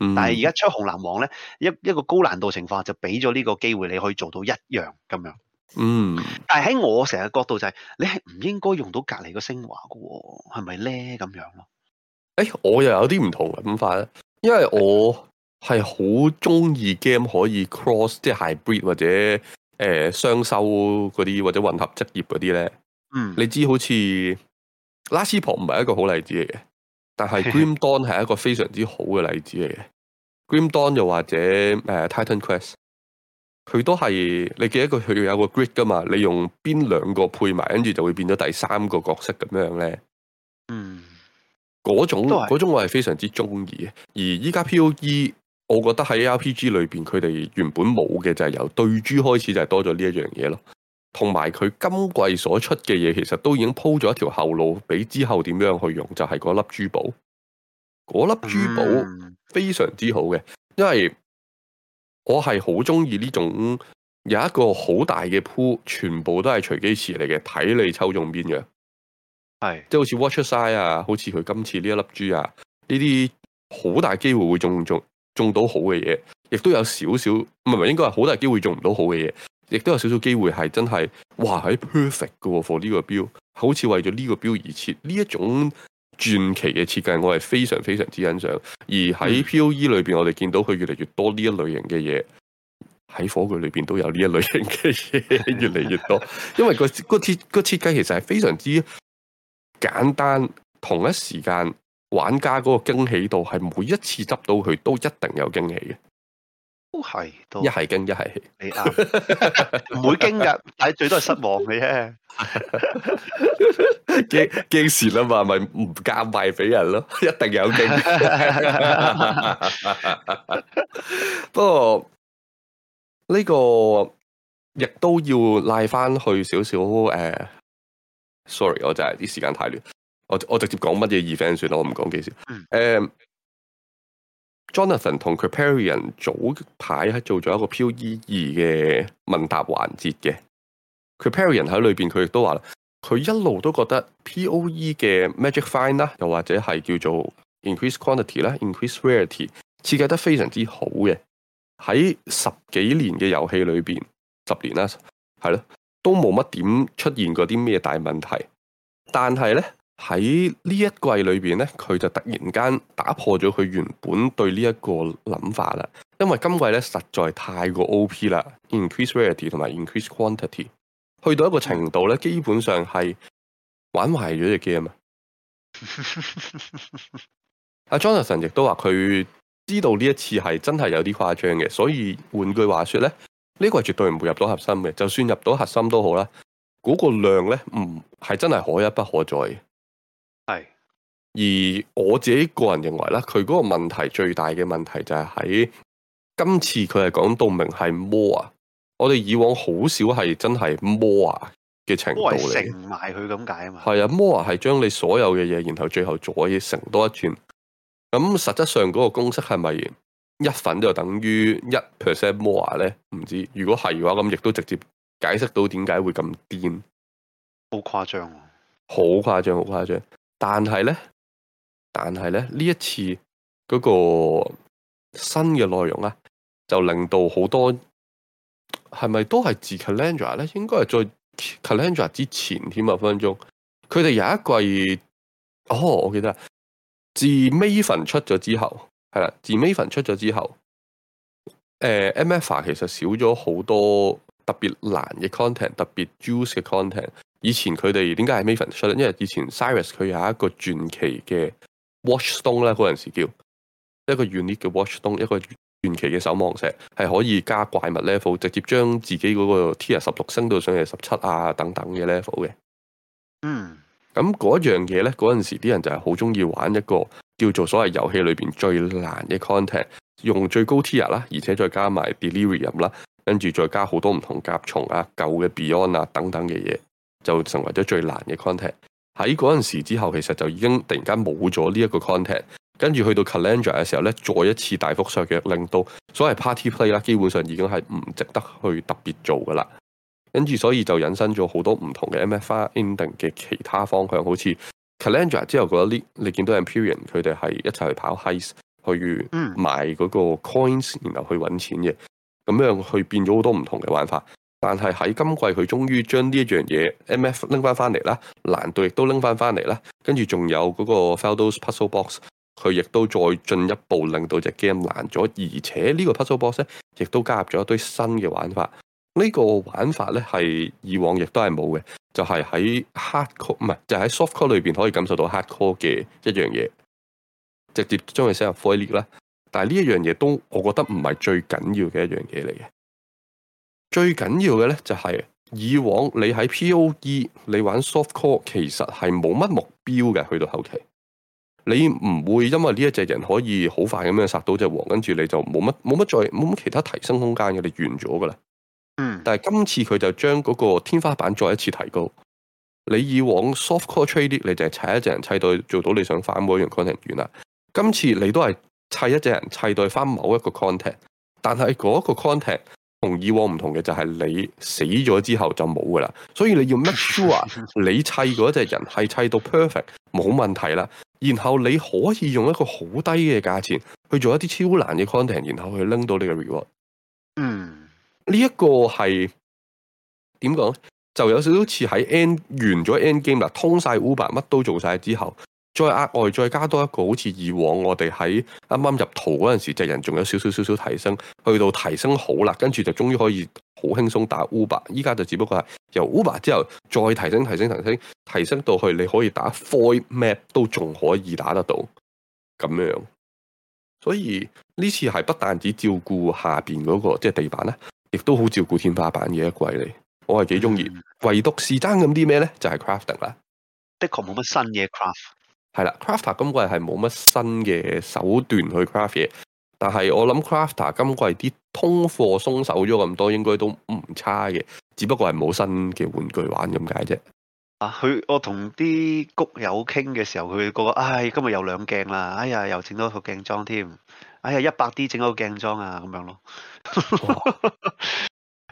Speaker 2: 嗯。但係而家出紅藍王咧，一一個高難度情況就俾咗呢個機會，你可以做到一樣咁樣。嗯，但係喺我成日角度就係、是，你係唔應該用到隔籬個升華
Speaker 1: 噶，係咪咧咁樣咯？誒，我又有啲唔同嘅諗法，因為我。係好中意 game 可以 cross 即係 hybrid 或者誒雙修嗰啲或者混合職業嗰啲咧。嗯，你知道好似拉斯婆唔係一個好例子嚟嘅，但係 Grim Dawn 係一個非常之好嘅例子嚟嘅。 [LAUGHS] Grim Dawn 又或者誒、呃、Titan Quest，佢都係你記得佢要有一個 grid 噶嘛？你用邊兩個配埋，跟住就會變咗第三個角色咁樣咧。嗯那種，嗰種種我係非常之中意。嘅，而依家 P.O.E。我覺得喺 RPG 裏邊，佢哋原本冇嘅就係、是、由對珠開始，就係多咗呢一樣嘢咯。同埋佢今季所出嘅嘢，其實都已經鋪咗一條後路，俾之後點樣去用，就係嗰粒珠寶。嗰粒珠寶非常之好嘅，因為我係好中意呢種有一個好大嘅鋪，全部都係隨機池嚟嘅，睇你抽中邊樣。係即係好似 Watch Aside 啊，好似佢今次呢一粒珠啊，呢啲好大機會會中中。中到好嘅嘢，亦都有少少，唔係唔係，應該係好大機會中唔到好嘅嘢，亦都有少少機會係真係，哇喺 perfect 嘅，for 呢個標，好似為咗呢個標而設呢一種傳奇嘅設計，我係非常非常之欣賞。而喺 POE 裏邊，我哋見到佢越嚟越多呢一類型嘅嘢，喺火炬裏邊都有呢一類型嘅嘢，越嚟越多，因為個個設個設計其實係非常之簡單，同一時間。玩家嗰個驚喜度係每一次執到佢都一定有驚喜嘅，都係一係驚一係氣，唔 [LAUGHS] 會驚驚噶， [LAUGHS] 但係最多係失望嘅啫。驚驚時啦嘛，咪唔夾埋俾人咯，一定有驚。 [LAUGHS] [LAUGHS] [LAUGHS] [LAUGHS] [LAUGHS] 不過呢、這個亦都要拉翻去少少誒、uh,，sorry，我就係啲時間太亂。我我直接講乜嘢 event 算啦，我唔講幾少。誒、嗯 um,，Jonathan 同 Kripparrian 早排喺做咗一個 POE2 嘅問答環節嘅。Kripparrian 喺裏邊佢亦都話啦，佢一路都覺得 POE 嘅 Magic Find 啦，又或者係叫做 Increase Quantity 啦，Increase Rarity 設計得非常之好嘅。喺十幾年嘅遊戲裏邊，十年啦，係咯，都冇乜點出現過啲咩大問題，但係咧。喺呢一季裏邊咧，佢就突然間打破咗佢原本對呢一個諗法啦。因為今季咧實在太過 OP 啦 [MUSIC] ，Increase Rarity 同埋 Increase Quantity 去到一個程度咧，基本上係玩壞咗隻 game。阿 [LAUGHS] Jonathan 亦都話佢知道呢一次係真係有啲誇張嘅，所以換句話說咧，呢季絕對唔會入到核心嘅，就算入到核心都好啦，嗰個量咧唔係真係可一不可再嘅。係，而我自己個人認為啦，佢嗰個問題最大嘅問題就係、是、喺今次佢係講到明係摩啊，我哋以往好少係真係摩啊嘅程度嚟嘅。我係乘
Speaker 2: 埋佢咁
Speaker 1: 解啊嘛。係啊，摩啊係將你所有嘅嘢，然後最後做一啲乘多一轉。咁實質上嗰個公式係咪一份就等於一 percent 摩啊咧？唔知如果係嘅話，咁亦都直接解釋到點解會咁癲，好誇張，啊，好誇張，好誇張。但係咧，但係咧，呢一次嗰個新嘅內容啦、啊，就令到好多係咪都係自 Calandra 咧？應該係在 Calandra 之前添啊！分分鐘，佢哋有一季，哦，我記得自 Maven 出咗之後，係啦，自 Maven 出咗之後，誒、呃、MFA 其實少咗好多特別難嘅 content，特別 juice 嘅 content。以前佢哋點解係 Maven s h o t 因為以前 c y r u s 佢有一個傳奇嘅 Watchstone 咧，嗰陣時叫一個原 n 叫 Watchstone，一個傳奇嘅守望石，係可以加怪物 level，直接將自己嗰個 Tier 十六升到上去十七啊，等等嘅 level 嘅。嗯、
Speaker 3: mm.，
Speaker 1: 咁嗰樣嘢咧，嗰陣時啲人就係好中意玩一個叫做所謂遊戲裏邊最難嘅 content，用最高 Tier 啦，而且再加埋 Delirium 啦，跟住再加好多唔同甲蟲啊、舊嘅 Beyond 啊等等嘅嘢。就成為咗最難嘅 content。喺嗰陣時之後，其實就已經突然間冇咗呢一個 content。跟住去到 Calandra 嘅時候咧，再一次大幅削弱，令到所謂 party play 啦，基本上已經係唔值得去特別做噶啦。跟住所以就引申咗好多唔同嘅 MFA ending 嘅其他方向，好似 Calandra 之後嗰啲，你見到 Empyrean 佢哋係一齊去跑 heist 去賣嗰個 coins，然後去揾錢嘅，咁樣去變咗好多唔同嘅玩法。但係喺今季佢終於將呢一樣嘢 M.F. 拎翻翻嚟啦，難度亦都拎翻翻嚟啦，跟住仲有嗰個 Feldos Puzzle Box，佢亦都再進一步令到隻 game 難咗，而且呢個 Puzzle Box 咧，亦都加入咗一堆新嘅玩法。呢、這個玩法咧係以往亦都係冇嘅，就係、是、喺 hard core 唔係就喺、是、soft core 裏邊可以感受到 hard core 嘅一樣嘢，直接將佢 set 入 file 啦。但係呢一樣嘢都，我覺得唔係最緊要嘅一樣嘢嚟嘅。最緊要嘅咧，就係以往你喺 POE 你玩 soft core 其實係冇乜目標嘅，去到後期你唔會因為呢一隻人可以好快咁樣殺到隻王，跟住你就冇乜冇乜再冇乜其他提升空間嘅，你完咗噶啦。嗯，但係今次佢就將嗰個天花板再一次提高。你以往 soft core trade 你就係砌一隻人砌到做到你想反每一樣 content 完啦。今次你都係砌一隻人砌到翻某一個 content，但係嗰個 content。同以往唔同嘅就係你死咗之後就冇噶啦，所以你要 make sure 你砌嗰隻人係砌到 perfect 冇問題啦，然後你可以用一個好低嘅價錢去做一啲超難嘅 content，然後去拎到呢個 reward。嗯，呢、這、一個係點講？就有少少似喺 end 完咗 end game 啦，通晒 Uber，乜都做晒之後。再額外再加多一個，好似以往我哋喺啱啱入圖嗰陣時，就人仲有少少少少提升，去到提升好啦，跟住就終於可以好輕鬆打 Uber。依家就只不過係由 Uber 之後再提升、提升、提升、提升、提升到去，你可以打 four Map 都仲可以打得到咁樣。所以呢次係不但只照顧下邊嗰，那個即係、就是、地板啦，亦都好照顧天花板嘅一季嚟，我係幾中意。唯獨是爭咁啲咩咧？就係、是、Crafting 啦。的確冇乜新嘅 Craft。係啦，crafter 今季係冇乜新嘅手段去 craft 嘢，但係我諗 crafter 今季啲通貨鬆手咗咁多，應該都唔差嘅，只不過係冇新嘅玩具玩咁解啫。啊，佢我同啲谷友
Speaker 2: 傾嘅時候，佢個唉，今日又兩鏡啦，哎呀，又整多套鏡裝添，哎呀，一百 D 整到鏡裝啊，咁樣咯，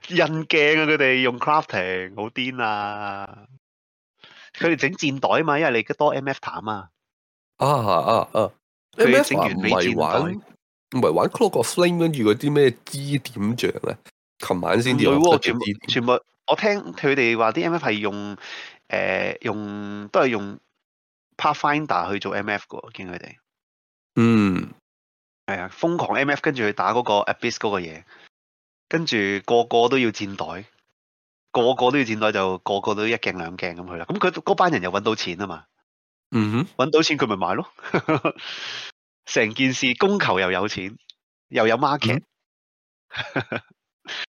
Speaker 2: 印鏡 [LAUGHS] 啊，佢哋用 crafting 好癲啊，佢哋整箭袋啊嘛，因為你多 M F 彈啊。
Speaker 3: 啊啊啊！M 你整完未玩唔
Speaker 1: 係玩《c l o g 呢昨晚才、呃嗯、MF，個《Flame》跟住嗰啲咩支點着咧？琴晚先知佢全
Speaker 2: 部我聽佢哋話啲 M F 係用誒用都係用 Pathfinder 去做 M F 噶，我見佢哋嗯係啊，瘋狂 M F 跟住去打嗰個 Abyss 嗰個嘢，跟住個個都要戰袋，個個都要戰袋，就個個都一鏡兩鏡咁去啦。咁佢嗰班人又搵到錢啊嘛～嗯哼，搵到錢佢咪買咯， [LAUGHS] 成件事供求又有錢，又有 market， [LAUGHS] 嗯、哼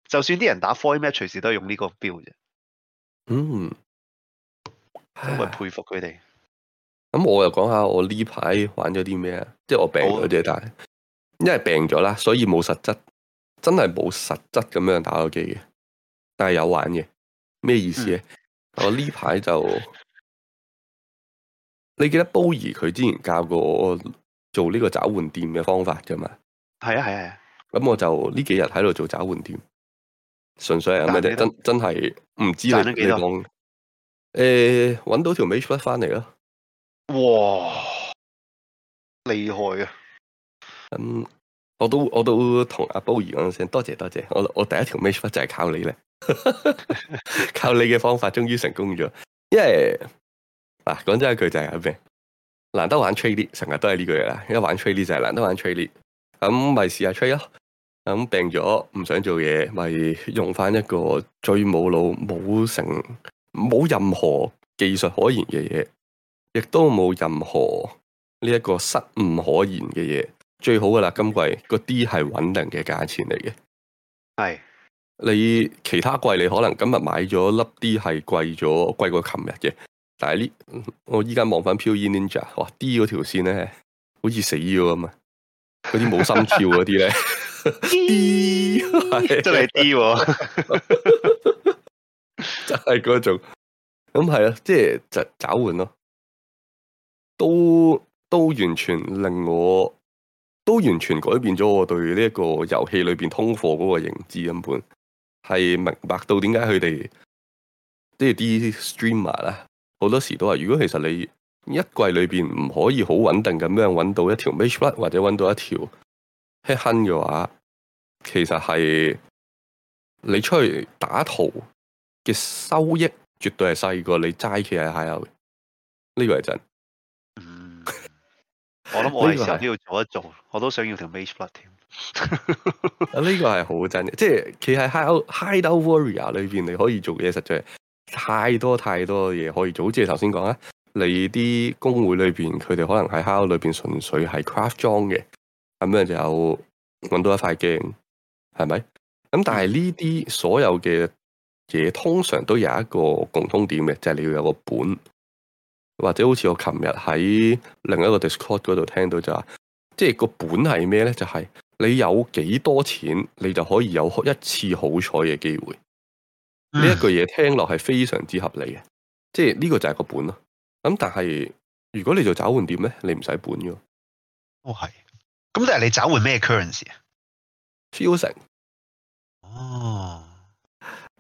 Speaker 2: [LAUGHS] 就算啲人打 format 隨時都係用呢個
Speaker 1: 標啫。
Speaker 3: 嗯，
Speaker 1: 都係佩服佢哋。咁我又講下我呢排玩咗啲咩啊？即、就、係、是、我病咗啫，但係因為病咗啦，所以冇實質，真係冇實質咁樣打個機嘅，但係有玩嘅。咩意思咧、嗯？我呢排就。你記得波兒佢之前教過我做呢個找換店嘅方法噶嘛？係啊係啊，咁我就呢幾日喺度做找換店，純粹係咪真真係唔知你你我誒，搵到條 Mageblood 翻嚟啦！
Speaker 3: 哇，厲害啊！咁
Speaker 1: 我都我都同阿波兒講聲多謝多謝，我我第一條 Mageblood 就係靠你咧， [LAUGHS] 靠你嘅方法終於成功咗，因為。嗱、啊，講真一句就係、是、咩？難得玩 trade 成日都係呢句嘢啦。一玩 trade 就係難得玩 trade 咁咪試下 trade 咯。咁、嗯、病咗唔想做嘢，咪用翻一個最冇腦、冇成、冇任何技術可言嘅嘢，亦都冇任何呢一個失誤可言嘅嘢。最好噶啦，今季個 D 係穩定嘅價錢嚟嘅。係你其他季你可能今日買咗粒 D 係貴咗，貴過琴日嘅。但係呢，我而家望返翻《POE Ninja》哇，D 嗰條線咧，好似死咗啊嘛！嗰啲冇心跳嗰啲咧，D 真係 D，就係嗰種咁係啊，即係就是，找換咯，都都完全令我都完全改變咗我對呢一個遊戲裏邊通貨嗰個認知，根本係明白到點解佢哋即係啲 Streamer 啦。好多時都話，如果其實你一季裏邊唔可以好穩定咁樣揾到一條 Mageblood 或者揾到一條 Headhunter 嘅話，其實係你出去打圖嘅收益絕對係細過你齋企喺 Hideout。呢個係真的。嗯，我諗我嘅時
Speaker 2: 候都要做一
Speaker 1: 做，這個、我都想要條 Mageblood 添。呢個係好真的，即係企喺 Hideout，Hideout warrior 裏邊你可以做嘅嘢，實在。太多太多嘢可以做，好似頭先講啊，你啲工會裏邊，佢哋可能喺烤裏邊純粹係 craft 裝嘅，咁樣就搵到一塊鏡，係咪？咁但係呢啲所有嘅嘢，通常都有一個共通點嘅，就係你要有個本，或者好似我琴日喺另一個 Discord 嗰度聽到就話，即係個本係咩咧？就係你有幾多錢，你就可以有一次好彩嘅機會。呢、嗯、一句嘢聽落係非常之合理嘅，即係呢個就係個本咯。咁但係如果你做找換店咧，你唔使本嘅。
Speaker 3: 哦係。咁但係你找換咩 currency 啊？fusing。
Speaker 1: 哦。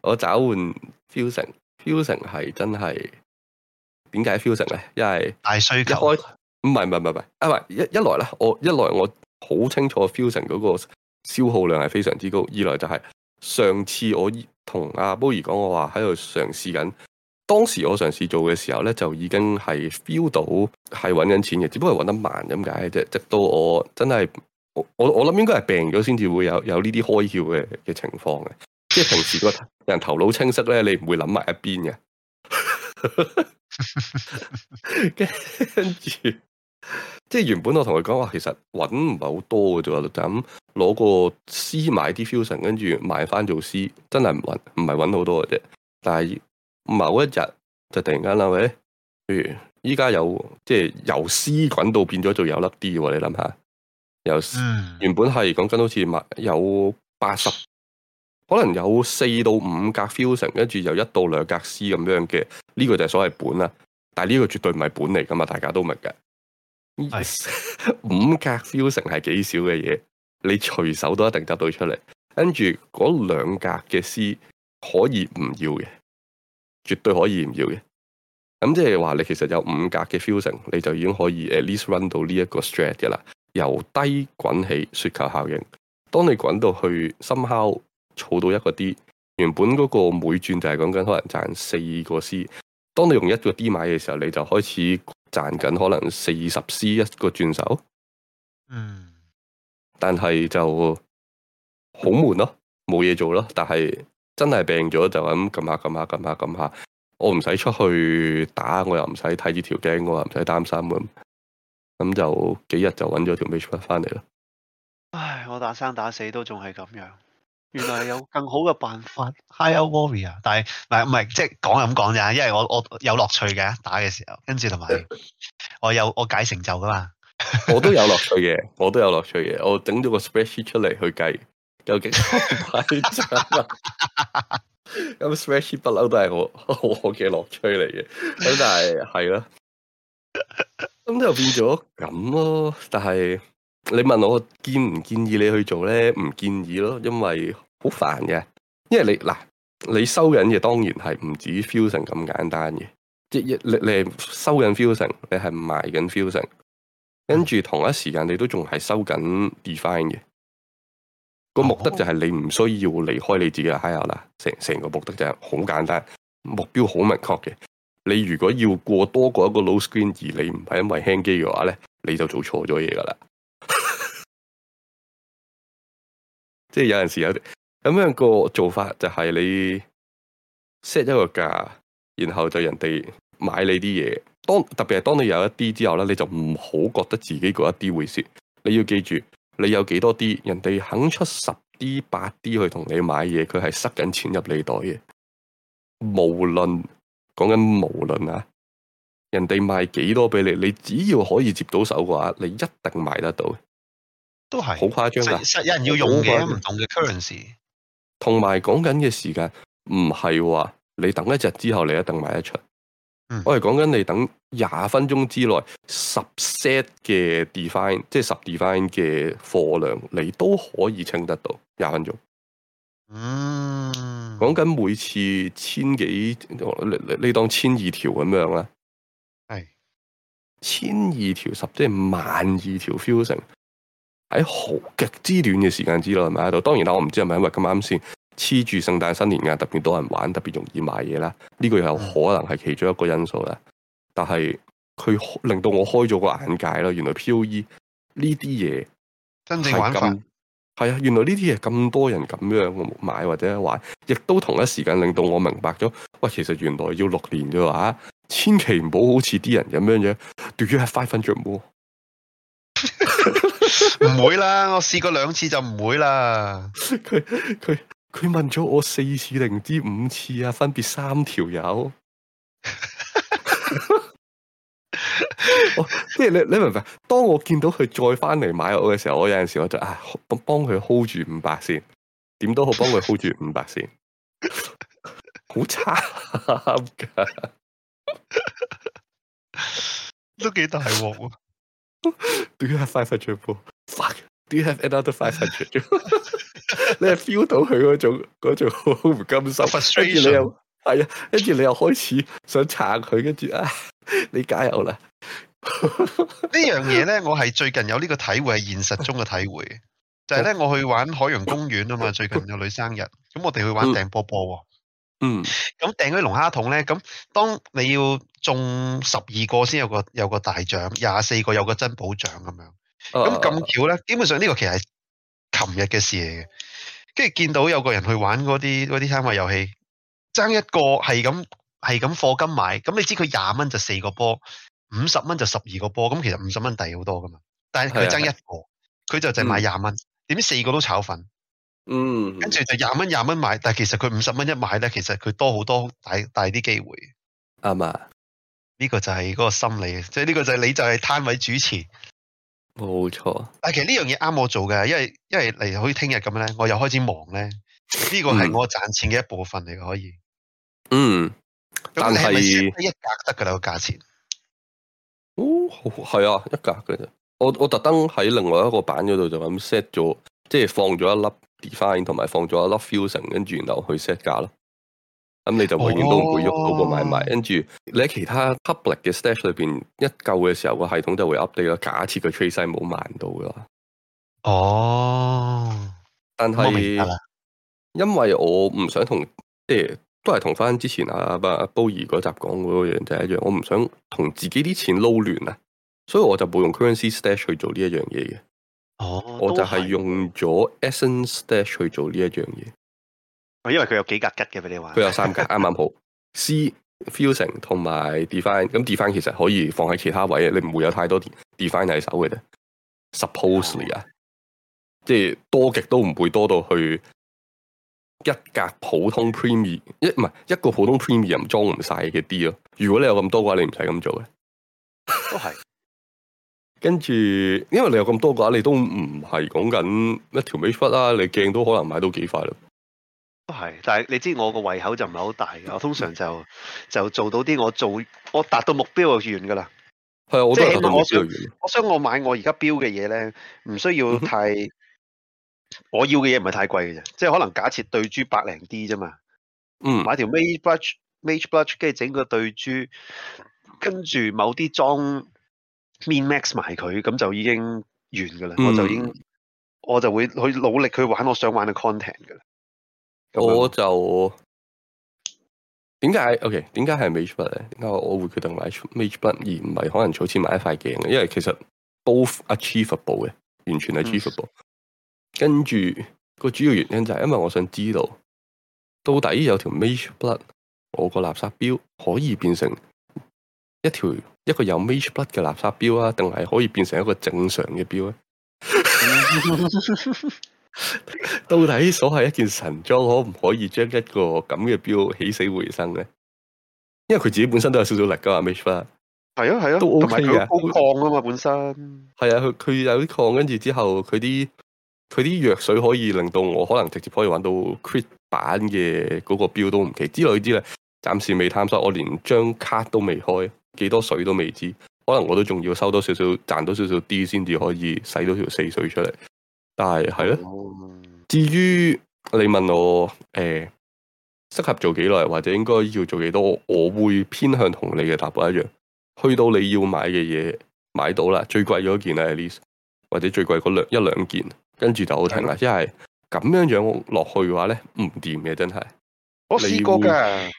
Speaker 1: 我找換 fusing，fusing 係真係點解 fusing 咧？為呢因為一係大需求。唔係唔係唔係唔係一一來咧，我一來我好清楚 fusing 嗰個消耗量係非常之高。二來就係上次我。同阿 Boi 講，我話喺度嘗試緊。當時我嘗試做嘅時候呢，就已經係 feel 到係搵緊錢嘅，只不過搵得慢咁解啫。直到我真係我我諗應該係病咗先至會有有呢啲開竅嘅嘅情況嘅。即係平時個人頭腦清晰呢，你唔會諗埋一邊嘅。跟住。即係原本我同佢講話，其實搵唔係好多嘅啫，就咁攞個 C 買啲 fusion，跟住賣翻做 C，真係唔搵，唔係搵好多嘅啫。但係某一日就突然間喇咪？譬如依家有即係由 C 滾到變咗做有粒 D 嘅，你諗下，由、嗯、原本係講緊好似有八十，可能有四到五格 fusion，跟住有一到兩格 C 咁樣嘅，呢、這個就係所謂本啦。但係呢個絕對唔係本嚟噶嘛，大家都明嘅。
Speaker 3: Yes、
Speaker 1: [LAUGHS] 五格 fusing 係幾少嘅嘢，你隨手都一定得到出嚟。跟住嗰兩格嘅 C 可以唔要嘅，絕對可以唔要嘅。咁即係話你其實有五格嘅 fusing 你就已經可以 at least run 到呢一個 strat 嘅啦。由低滾起雪球效應，當你滾到去深淵，儲到一個 D，原本嗰個每轉就係講緊可能賺四個 C。當你用一個 D 買嘅時候，你就開始。賺緊可能四十 C 一個轉手，
Speaker 3: 嗯，
Speaker 1: 但係就好悶咯，冇嘢做咯。但係真係病咗就咁撳下撳下撳下撳下，我唔使出去打，我又唔使睇住條頸，我又唔使擔心咁，咁就幾日就搵咗條 m a k 翻嚟啦。
Speaker 2: 唉，我打生打死都仲係咁樣。原來有更好嘅辦法，high worry 啊！Warrior, 但係唔係唔係，即係講咁講咋，因為我我有樂趣嘅打嘅時候，跟住同埋我有我解成就噶嘛 [LAUGHS] 我，
Speaker 1: 我都有樂趣嘅，我都有樂趣嘅，我整咗個 spreadsheet 出嚟去計究竟咁 [LAUGHS] [LAUGHS] [LAUGHS] spreadsheet 不嬲都係我我嘅樂趣嚟嘅，咁但係係咯，咁就變咗咁咯。但係你問我建唔建議你去做咧？唔建議咯，因為。好煩嘅，因為你嗱，你收緊嘢當然係唔止 fusion 咁簡單嘅，即係你你，你收緊 fusion，你係賣緊 fusion，跟住同一時間你都仲係收緊 define 嘅，個目的就係你唔需要離開你自己嘅 hire 啦，係啦，成成個目的就係好簡單，目標好明確嘅。你如果要過多過一個 low screen 而你唔係因為輕機嘅話咧，你就做錯咗嘢噶啦，即係有陣時有時。咁樣個做法就係你 set 一個價，然後就人哋買你啲嘢。當特別係當你有一啲之後咧，你就唔好覺得自己嗰一啲會蝕。你要記住，你有幾多啲，人哋肯出十啲八啲去同你買嘢，佢係塞緊錢入你袋嘅。無論講緊無論啊，人哋賣幾多俾你，你只要可以接到手嘅話，你一定買得到。都係好誇張噶，實實有人要用嘅唔
Speaker 3: 同嘅 currency。
Speaker 1: 同埋講緊嘅時間唔係話你等一日之後你一定買得出，嗯、我係講緊你等廿分鐘之內十 set 嘅 define，即係十 define 嘅貨量，你都可以清得到廿分鐘。
Speaker 3: 嗯，
Speaker 1: 講緊每次千幾，你你當千二條咁樣啦，係千二條十即係萬二條 fusion。喺好極之短嘅時間之內係咪？喺度，當然啦，我唔知係咪因為咁啱先黐住聖誕新年㗎，特別多人玩，特別容易買嘢啦。呢、呢個又可能係其中一個因素啦。嗯、但係佢令到我開咗個眼界咯，原來 POE 呢啲嘢係咁係啊，原來呢啲嘢咁多人咁樣買或者玩，亦都同一時間令到我明白咗。喂，其實原來要六年嘅話，千祈唔好好似啲人咁樣樣短一塊瞓著喎。
Speaker 2: 唔 [LAUGHS] 會啦，我試過兩次
Speaker 1: 就唔會啦。佢佢佢問咗我四次定唔知五次啊？分別三條友，即 [LAUGHS] 係 [LAUGHS] 你你明唔明？當我見到佢再翻嚟買我嘅時候，我有陣時我就啊、哎，幫佢 hold 住五百先，點都好幫佢 hold 住五百先，好慘噶，都幾大鑊啊！Do you have five hundred 波？Fuck！Do you have another five hundred？你係 feel 到佢嗰種嗰種好唔甘心，跟住又係啊，跟住你又開始想撐佢，跟住啊，你加油啦！
Speaker 2: 呢樣嘢咧，我係最近有呢個體會，係現實中嘅體會，就係咧，我去玩海洋公園啊嘛，最近有女生日，咁我哋去玩掟波波喎。嗯，咁掟嗰啲龍蝦桶咧，咁當你要中十二個先有個有個大獎，廿四個有個珍寶獎咁樣。咁、啊、咁巧咧，基本上呢個其實係琴日嘅事嚟嘅。跟住見到有個人去玩嗰啲嗰啲猜密遊戲，爭一個係咁係咁課金買。咁你知佢廿蚊就四個波，五十蚊就十二個波。咁其實五十蚊抵好多噶嘛。但係佢爭一個，佢就淨買廿蚊，點知、嗯、四個都炒粉。嗯，跟住就廿蚊廿蚊買，但係其實佢五十蚊一買咧，其實佢多好多大大啲機會，係、嗯、嘛？呢、這個就係嗰個心理，即係呢個就係你就係攤位主持，冇錯。但其實呢樣嘢啱我做嘅，因為因為嚟，好似聽日咁咧，我又開始忙咧。呢、這個係我賺錢嘅一部分嚟嘅，可以。
Speaker 1: 嗯，咁你係咪一格得噶啦個價錢？嗯、哦，係啊，一格嘅啫。我我特登喺另外一個版嗰度就咁 set 咗。即係放咗一粒 define 同埋放咗一粒 fusion，跟住然後去 set 價咯。咁、哦、你就永遠都唔會喐到個買賣。跟、哦、住你喺其他 public 嘅 stash 裏邊一夠嘅時候，個系統就會 update 咯。假設個趨勢冇難度噶啦。哦，但係因為我唔想同，即係都係同翻之前阿阿阿 Boyi 嗰集講嗰樣就係，一樣。我唔想同自己啲錢撈亂啊，所以我就冇用 currency stash 去做呢一樣嘢嘅。我、哦、我就係用咗 Essence Stash 去做呢一樣嘢，因
Speaker 2: 為佢有幾格吉嘅，俾你話佢
Speaker 1: 有三格，啱 [LAUGHS] 啱好。C Fusing 同埋 Define，咁 Define 其實可以放喺其他位，你唔會有太多 Define 喺手嘅啫。Supposedly 啊，哦、即係多極都唔會多到去一格普通 Premium，一唔係一個普通 Premium 裝唔晒嘅啲咯。如果你有咁多嘅話，你唔使咁做嘅，都係。跟住，因為你有咁多嘅話，你都唔係講緊一條尾 brush 啦，你鏡都可能買到幾塊啦。都係，但係你知我個胃口就唔係好
Speaker 2: 大嘅，我通常就、嗯、就做到啲我做我達到目標就完噶啦。
Speaker 1: 係、嗯、啊，都達
Speaker 2: 到目標我想我想我買我而家標嘅嘢咧，唔需要太、嗯、我要嘅嘢唔係太貴嘅啫，即係可能假設對珠百零啲啫嘛。嗯，買條尾 brush、尾 brush 機整個對珠，跟住某啲裝。Min max 埋佢，咁就已經完噶啦、嗯。我就已經，我就會去努力去玩我想玩嘅 content 噶啦。
Speaker 1: 我就點解 OK？點解係 Mageblood 咧？點解我會決定買 Mageblood，而唔係可能儲錢買一塊鏡嘅。因為其實 both achievable 嘅，完全 achievable。嗯、跟住個主要原因就係因為我想知道，到底有條 Mageblood，我個垃圾錶可以變成一條。一個有 mage blood 嘅垃圾標啊，定係可以變成一個正常嘅標咧、啊？ [LAUGHS] [LAUGHS] 到底所謂一件神裝可唔可以將一個咁嘅標起死回生咧？因為佢自己本身都有少少力噶嘛 mage blood 係啊係啊，都 ok 嘅、啊。高
Speaker 2: 抗啊嘛，本身
Speaker 1: 係啊，佢佢有啲抗，跟住之後佢啲佢啲藥水可以令到我可能直接可以玩到 crit 版嘅嗰個標都唔奇，之類之咧，暫時未探索，我連張卡都未開。幾多水都未知，可能我都仲要收多少少，賺多少少啲先至可以洗到條四水出嚟。但係係咧，至於你問我誒適、欸、合做幾耐，或者應該要做幾多，我會偏向同你嘅答案一樣。去到你要買嘅嘢買到啦，最貴嗰件啊，at least 或者最貴嗰兩一兩件，跟住就好停啦。因為咁樣樣落去嘅話咧，唔掂嘅真係。
Speaker 3: 我試過噶。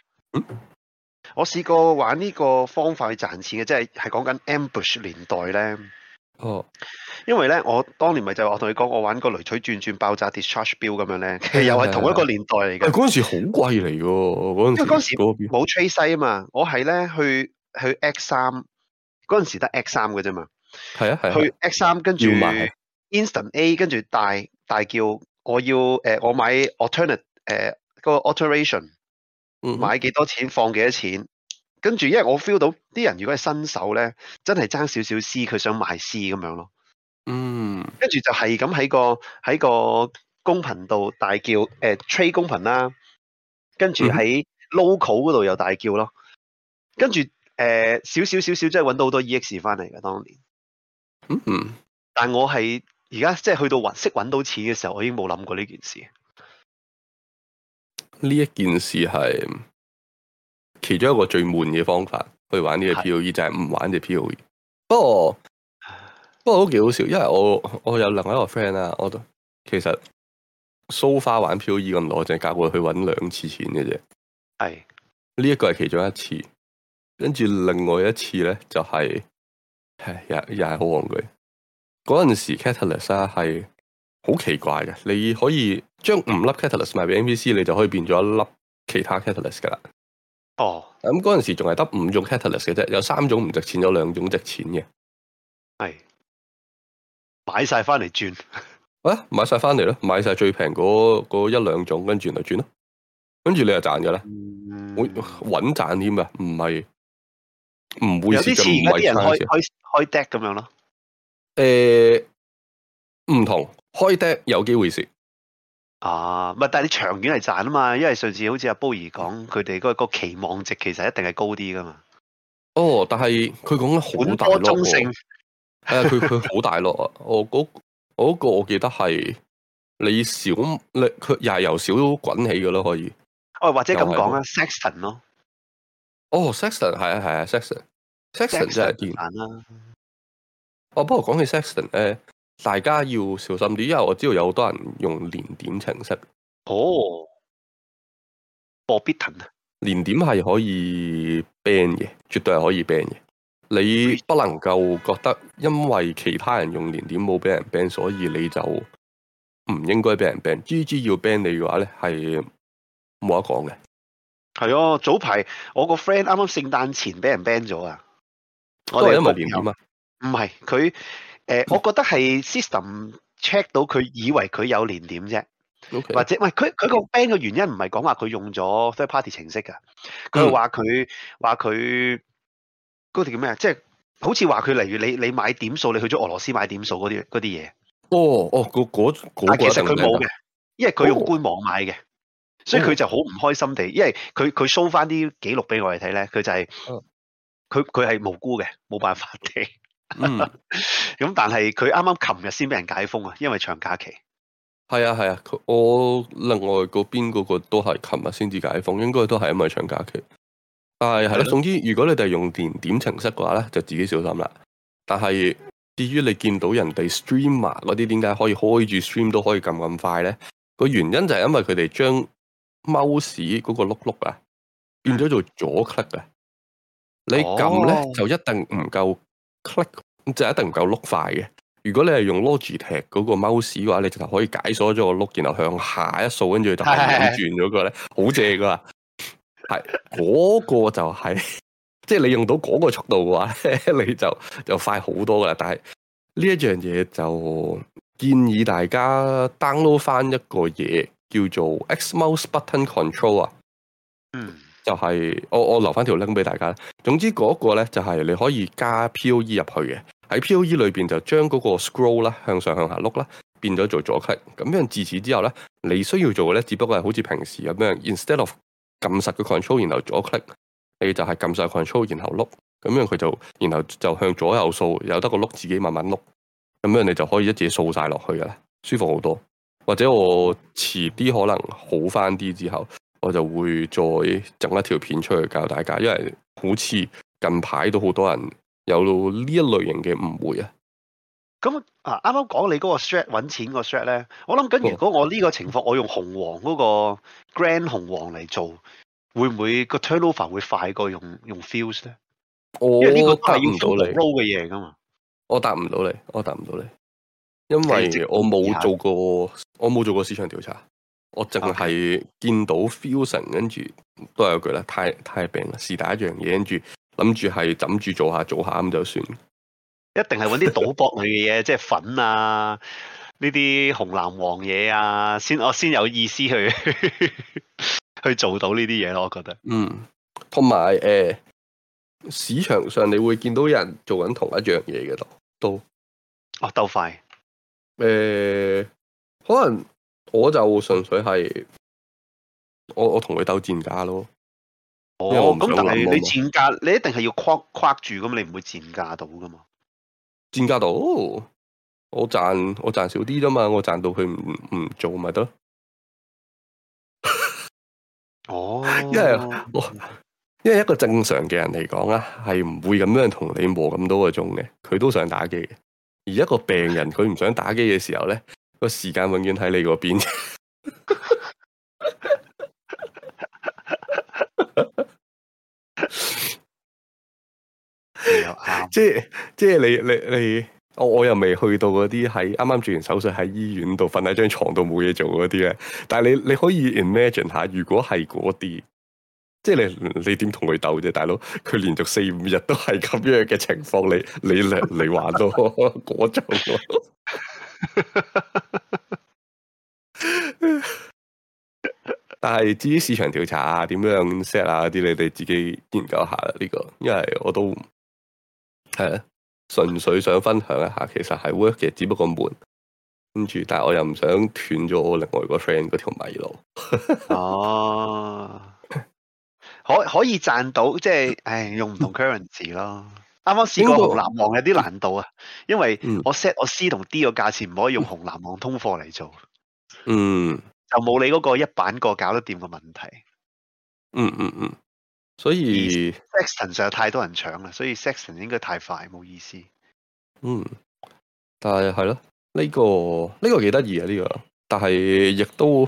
Speaker 1: 我
Speaker 2: 試過玩呢個方法去賺錢嘅，即係係講緊 ambush 年代咧。哦，因為咧，我當年咪就係我同你講，我玩個雷取轉轉爆炸 discharge 表咁樣咧，其實又係同一個年代嚟嘅。嗰陣
Speaker 1: 時好貴嚟㗎，嗰陣時
Speaker 2: 冇 trade 西啊嘛。我係咧去去 X 三，嗰陣時得 X 三嘅啫嘛。係啊，係去 X 三，跟住 instant A，跟住帶帶叫我要誒、呃，我買 alternate 誒、呃、嗰、那個 alteration。買幾多錢放幾多錢，跟住因為我 feel 到啲人如果係新手咧，真係爭少少 C，佢想賣 C 咁樣咯。嗯，跟住就係咁喺個喺個公頻度大叫，誒、呃、trade 公頻啦，跟住喺 local 嗰度又大叫咯。嗯、跟住誒，少少少少，小小小小小真係搵到好多 ex 翻嚟嘅，當年。
Speaker 3: 嗯嗯，
Speaker 2: 但我係而家即係去到搵識搵到錢嘅時候，我已經冇諗過呢件事。
Speaker 1: 呢一件事係其中一個最悶嘅方法去玩呢個 p o e 就係唔玩隻 p o e 不過， [LAUGHS] 不過都幾好笑，因為我我有另外一個 friend 啊，我都其實 so far 玩 p o e 咁耐，淨係教過佢去揾兩次錢嘅啫。係呢一個係其中一次，跟住另外一次咧就係又又係好戇居。嗰陣時 Catalyst 啊，係。是.好奇怪嘅，你可以將五粒 catalyst 賣俾 NPC，嗯、你就可以變咗一粒其他 catalyst 噶啦。哦，咁嗰陣時仲係得五種 catalyst 嘅啫，有三種唔值錢，有兩種值錢嘅。係，買晒翻嚟轉，啊，買晒翻嚟咯，買晒最平嗰一兩種，跟住就轉咯，跟住你就賺咗咧，穩穩賺添嘅，唔係唔會有啲似而家啲人開開開 deck 咁樣咯。誒、啊，唔同。開跌有機會蝕
Speaker 2: 啊！唔係，但係你長遠係賺啊嘛，因為上次好似阿 Boi 講佢哋嗰個
Speaker 1: 期望值其實一定係高啲噶嘛。哦，但係佢講得好大落喎。係啊，佢佢好大咯。啊！他他 [LAUGHS] 我嗰我、那個我記得係你少，你佢又係由少滾起噶咯，可以。
Speaker 2: 哦，或者咁講、那個、啊
Speaker 1: Sextant 咯、哦。哦 Sextant 係啊係啊 Sextant Sextant 真係點啦。哦，不過講起 Sextant 誒、呃。大家要小心啲，因為我知道有好多人用連點程式。哦，波必騰啊！連點係可以 ban 嘅，絕對係可以 ban 嘅。你不能夠覺得，因為其他人用連點冇俾人 ban，所以你就唔應該俾人 ban。G G 要 ban 你嘅話咧，係冇得講嘅。
Speaker 3: 係哦，
Speaker 2: 早排我個 friend 啱啱聖誕前俾人 ban 咗啊！我哋因為連點啊？唔係佢。誒、呃，我覺得係 system check 到佢，以為佢有連點啫，或者唔係佢。佢個 band 嘅原因唔係講話佢用咗 third party 程式噶，佢話佢話佢嗰條叫咩啊？即係好似話，佢例如你你買點數，你去咗俄羅斯買點數嗰啲啲嘢。
Speaker 1: 哦哦，嗰嗰
Speaker 3: 個其實佢冇嘅，
Speaker 2: 因為佢用官網買嘅，所以佢就好唔開心地，因為佢佢 show 翻啲記錄俾我哋睇咧，佢就係，佢佢係無辜嘅，冇辦法嘅。
Speaker 1: 嗯，咁 [LAUGHS] 但係佢啱啱琴日先俾人解封啊，因為長假期。係啊係啊，我另外嗰邊嗰個都係琴日先至解封，應該都係因為長假期。但係係咯，總之如果你哋係用連點程式嘅話咧，就自己小心啦。但係至於你見到人哋 streamer 嗰啲，點解可以開住 stream 都可以撳咁快咧？個原因就係因為佢哋將 mouse 嗰個碌碌啊，變咗做左 click 啊。
Speaker 3: 你撳咧、哦、就
Speaker 1: 一定唔夠 click 就一定唔夠碌快嘅。如果你係用 Logitech 嗰個 mouse 嘅話，你就可以解鎖咗個碌，然後向下一掃，跟住就轉咗、那個咧，好正噶。係 [LAUGHS] 嗰、那個就係、是，即係你用到嗰個速度嘅話咧，你就就快好多噶啦。但係呢一樣嘢就建議大家 download 翻一個嘢叫做 X Mouse Button Control 啊。嗯。就係、是、我我留翻條 link 俾大家。總之嗰個咧就係你可以加 POE 入去嘅。喺 POE 裏面，就將嗰個 scroll 啦向上向下碌啦變咗做左 click。咁樣自此之後咧，你需要做嘅咧只不過係好似平時咁樣，instead of 撳實個 control 然後左 click，你就係撳晒 control 然後碌。咁樣佢就然後就向左右掃，有得個碌自己慢慢碌。咁樣你就可以一自己掃晒落去啦，舒服好多。或者我遲啲可能好翻啲之後。我就會再整一條片出去教大家，因為好似近排都好多人有呢一類型嘅誤會啊。
Speaker 2: 咁啊，啱啱講你嗰個 Share 揾錢個 Share 咧，我諗緊，如果我呢個情況、哦，我用紅黃嗰個 grand 紅黃嚟做，會唔會個 turnover 會快過用用 fuse 咧？我因為呢個係要做 low 嘅嘢噶嘛。
Speaker 1: 我答唔到你，我答唔到你，
Speaker 3: 因為我冇做，做
Speaker 1: 過，我冇做過市場調查。我淨係見到 Fusion，跟住都係嗰句啦，太太病啦，是但一樣嘢，跟住諗住係枕住做下做下咁就算。
Speaker 2: 一定係揾啲賭博類嘅嘢， [LAUGHS] 即係粉啊，呢啲紅藍黃嘢啊，先我先有意思去
Speaker 1: [LAUGHS] 去做到呢啲嘢咯。我覺得，嗯，同埋誒，市場上你會見到有人做緊同一樣嘢嘅度都，啊、哦，鬥快，誒、呃，可能。我就純粹係我我同佢鬥賤價咯。
Speaker 3: 哦,咁但係你賤
Speaker 1: 價，你一定係要框框住，咁你唔會賤價到噶嘛？賤價到，我賺我賺少啲啫嘛，我賺到佢唔唔做咪得
Speaker 3: 咯。哦，因
Speaker 1: 為因為一個正常嘅人嚟講啊，係唔會咁樣同你磨咁多個鐘嘅，佢都想打機嘅。而一個病人，佢唔想打機嘅時候咧。哎個時間永遠喺你嗰
Speaker 3: 邊 [LAUGHS] 沒有， [LAUGHS] [LAUGHS] 即係即係你
Speaker 1: 你你，我我又未去到嗰啲喺啱啱做完手術喺醫院度瞓喺張床度冇嘢做嗰啲咧，但係你你可以 imagine 下，如果係嗰啲，即係你你點同佢鬥啫，大佬佢連續四五日都係咁樣嘅情況，你你你你玩到嗰種。 [LAUGHS] 但係至於市場調查啊，點樣 set 啊啲，你哋自己研究一下呢個，因為我都係純粹想分享一下，其實係 work 嘅，只不過悶，跟住但係我又唔想斷咗我另外個 friend 嗰條米路。
Speaker 2: 哦，可 [LAUGHS] 可以賺到，即係唉，用唔同 currency 咯。啱啱試過紅藍黃有啲難度啊，嗯，因為我 set 我 C 同 D 個價錢唔可以用紅藍黃通貨嚟做，嗯，就冇你嗰個一版個搞得掂嘅問題，嗯嗯嗯，所以 Saxon 上有太多人搶啦，所以 Saxon 應該太快冇意思，
Speaker 1: 嗯，但係係咯，呢、呢個呢、呢個幾得意啊呢個，但係亦都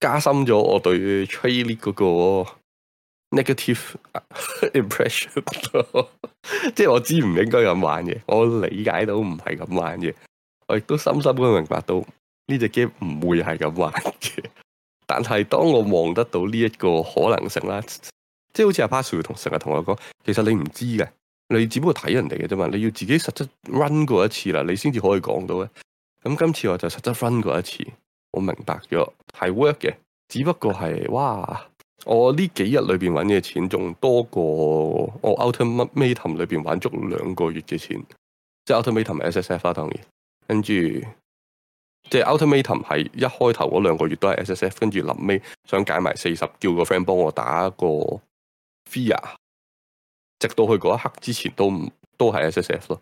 Speaker 1: 加深咗我對 trade 嗰、嗰個。Negative impression 即 [LAUGHS] 係 [LAUGHS] 我知唔應該咁玩嘢。我理解到唔係咁玩嘢，我亦都深深咁明白到呢隻 game 唔會係咁玩嘅。但係當我望得到呢一個可能性啦，即係好似阿 Patrick 同成日同我講，其實你唔知嘅，你只不過睇人哋嘅啫嘛，你要自己實質 run 過一次啦，你先至可以講到嘅。咁今次我就實質 run 過一次，我明白咗係 work 嘅，只不過係哇。我呢幾日裏面揾嘅錢仲多過我 Ultimatum 裏邊玩足兩個月嘅錢，即係 Ultimatum 同埋 SSF 啦，跟住即係 Ultimatum 係一開頭嗰兩個月都係 SSF，跟住臨尾想解埋四十，叫個 friend 幫我打一個 FIA 直到佢嗰一刻之前都唔都係 SSF 咯。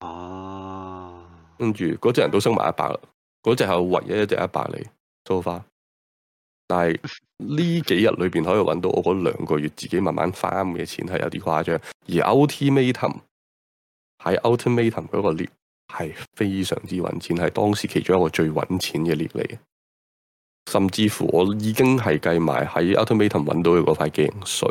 Speaker 1: 哦，跟住嗰隻人都升埋一百啦，嗰隻係唯一一隻一百嚟，so far。係呢幾日裏邊可以到我嗰兩個月自己慢慢翻嘅錢係有啲誇張，而 a l t i m a t u m 喺 a u t i m a t u m n 嗰個列係非常之揾錢，係當時其中一個最揾錢嘅列嚟，甚至乎我已經係計埋喺 a u t o m a t u m n 到嘅嗰塊鏡碎，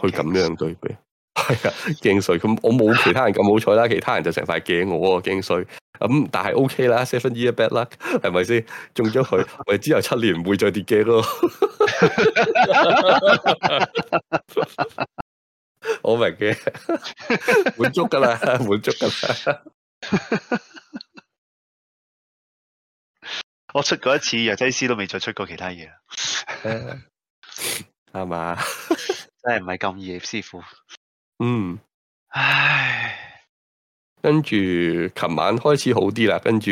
Speaker 1: 去咁樣對比。係啊，驚衰！咁我冇其他人咁好彩啦，其他人就成塊鏡我啊。驚衰！咁但係 O K 啦，seven years bad luck，係咪先中咗佢？我 [LAUGHS] 之後七年唔會再跌機咯 [LAUGHS] 。
Speaker 3: [LAUGHS] 我明嘅，滿足噶啦，滿足噶啦。 [LAUGHS] [LAUGHS] [LAUGHS] 我
Speaker 2: 出過一次藥劑師，都未再出過其他嘢啦。係嘛？真係唔係咁易，師傅。
Speaker 3: 嗯，唉，
Speaker 1: 跟住琴晚開始好啲啦，跟住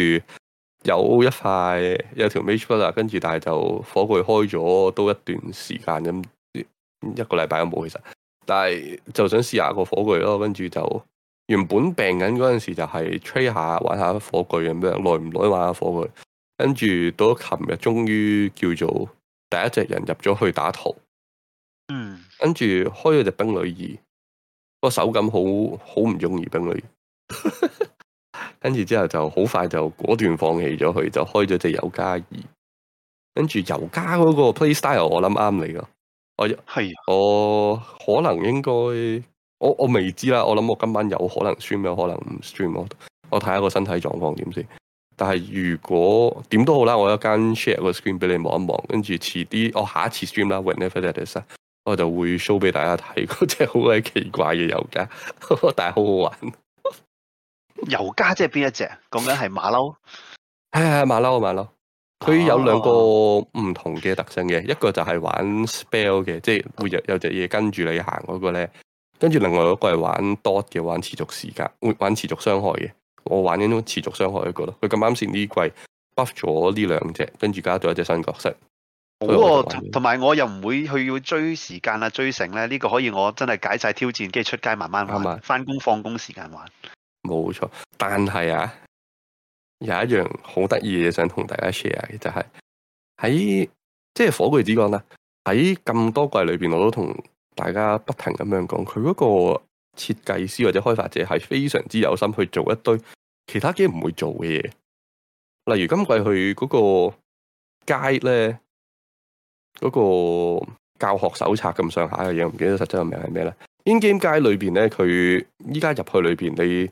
Speaker 1: 有一塊有條尾出啦，跟住但係就火炬開咗都一段時間咁，一個禮拜都冇其實，但係就想試一下個火炬咯，跟住就原本病緊嗰陣時就係吹下玩下火炬咁樣，耐唔耐玩下火炬，跟住到琴日終於叫做第一隻人入咗去打圖，嗯，跟住開咗隻冰女二。個手感好好唔容易畀佢。跟住之後就好快就果斷放棄咗佢，就開咗隻尤加二。跟住尤加嗰個 Playstyle 我諗啱你㗎。我係我可能應該我我未知啦，我諗我今晚有可能 stream，有可能唔 stream 咯。我睇下個身體狀況點先。但係如果點都好啦，我一間 share 個 screen 俾你望一望，跟住遲啲我下一次 stream 啦 whenever that is。我就會 show 俾大家睇嗰隻好鬼奇怪嘅遊家，但係好好玩。遊家即係邊一隻？咁樣係馬
Speaker 2: 騮。
Speaker 1: 係係馬騮，馬騮。佢有兩個唔同嘅特性嘅、哦，一個就係玩 spell 嘅，即係會有，有隻嘢跟住你行嗰、那個咧。跟住另外一個係玩 dot 嘅，玩持續時間，玩持續傷害嘅。我玩呢種持續傷害一個咯。佢咁啱先呢季 buff 咗呢兩隻，跟住加咗一隻新角色。好哦，
Speaker 2: 同埋我又唔會去要追時間啊，追成咧呢、這個可以我真係解晒挑戰，跟住出街慢慢玩，翻工放工時間玩。
Speaker 1: 冇錯，但係啊，有一樣好得意嘅嘢想同大家 share 嘅就係喺即係火炬之講火炬之光啦，喺咁多季裏邊，我都同大家不停咁樣講，佢嗰個設計師或者開發者係非常之有心去做一堆其他嘅唔會，會做嘅嘢，例如今季去嗰個街咧，嗰個教學手冊咁上下嘅嘢，唔記得實質個名係咩咧？In game 界裏邊咧，佢依家入去裏邊，你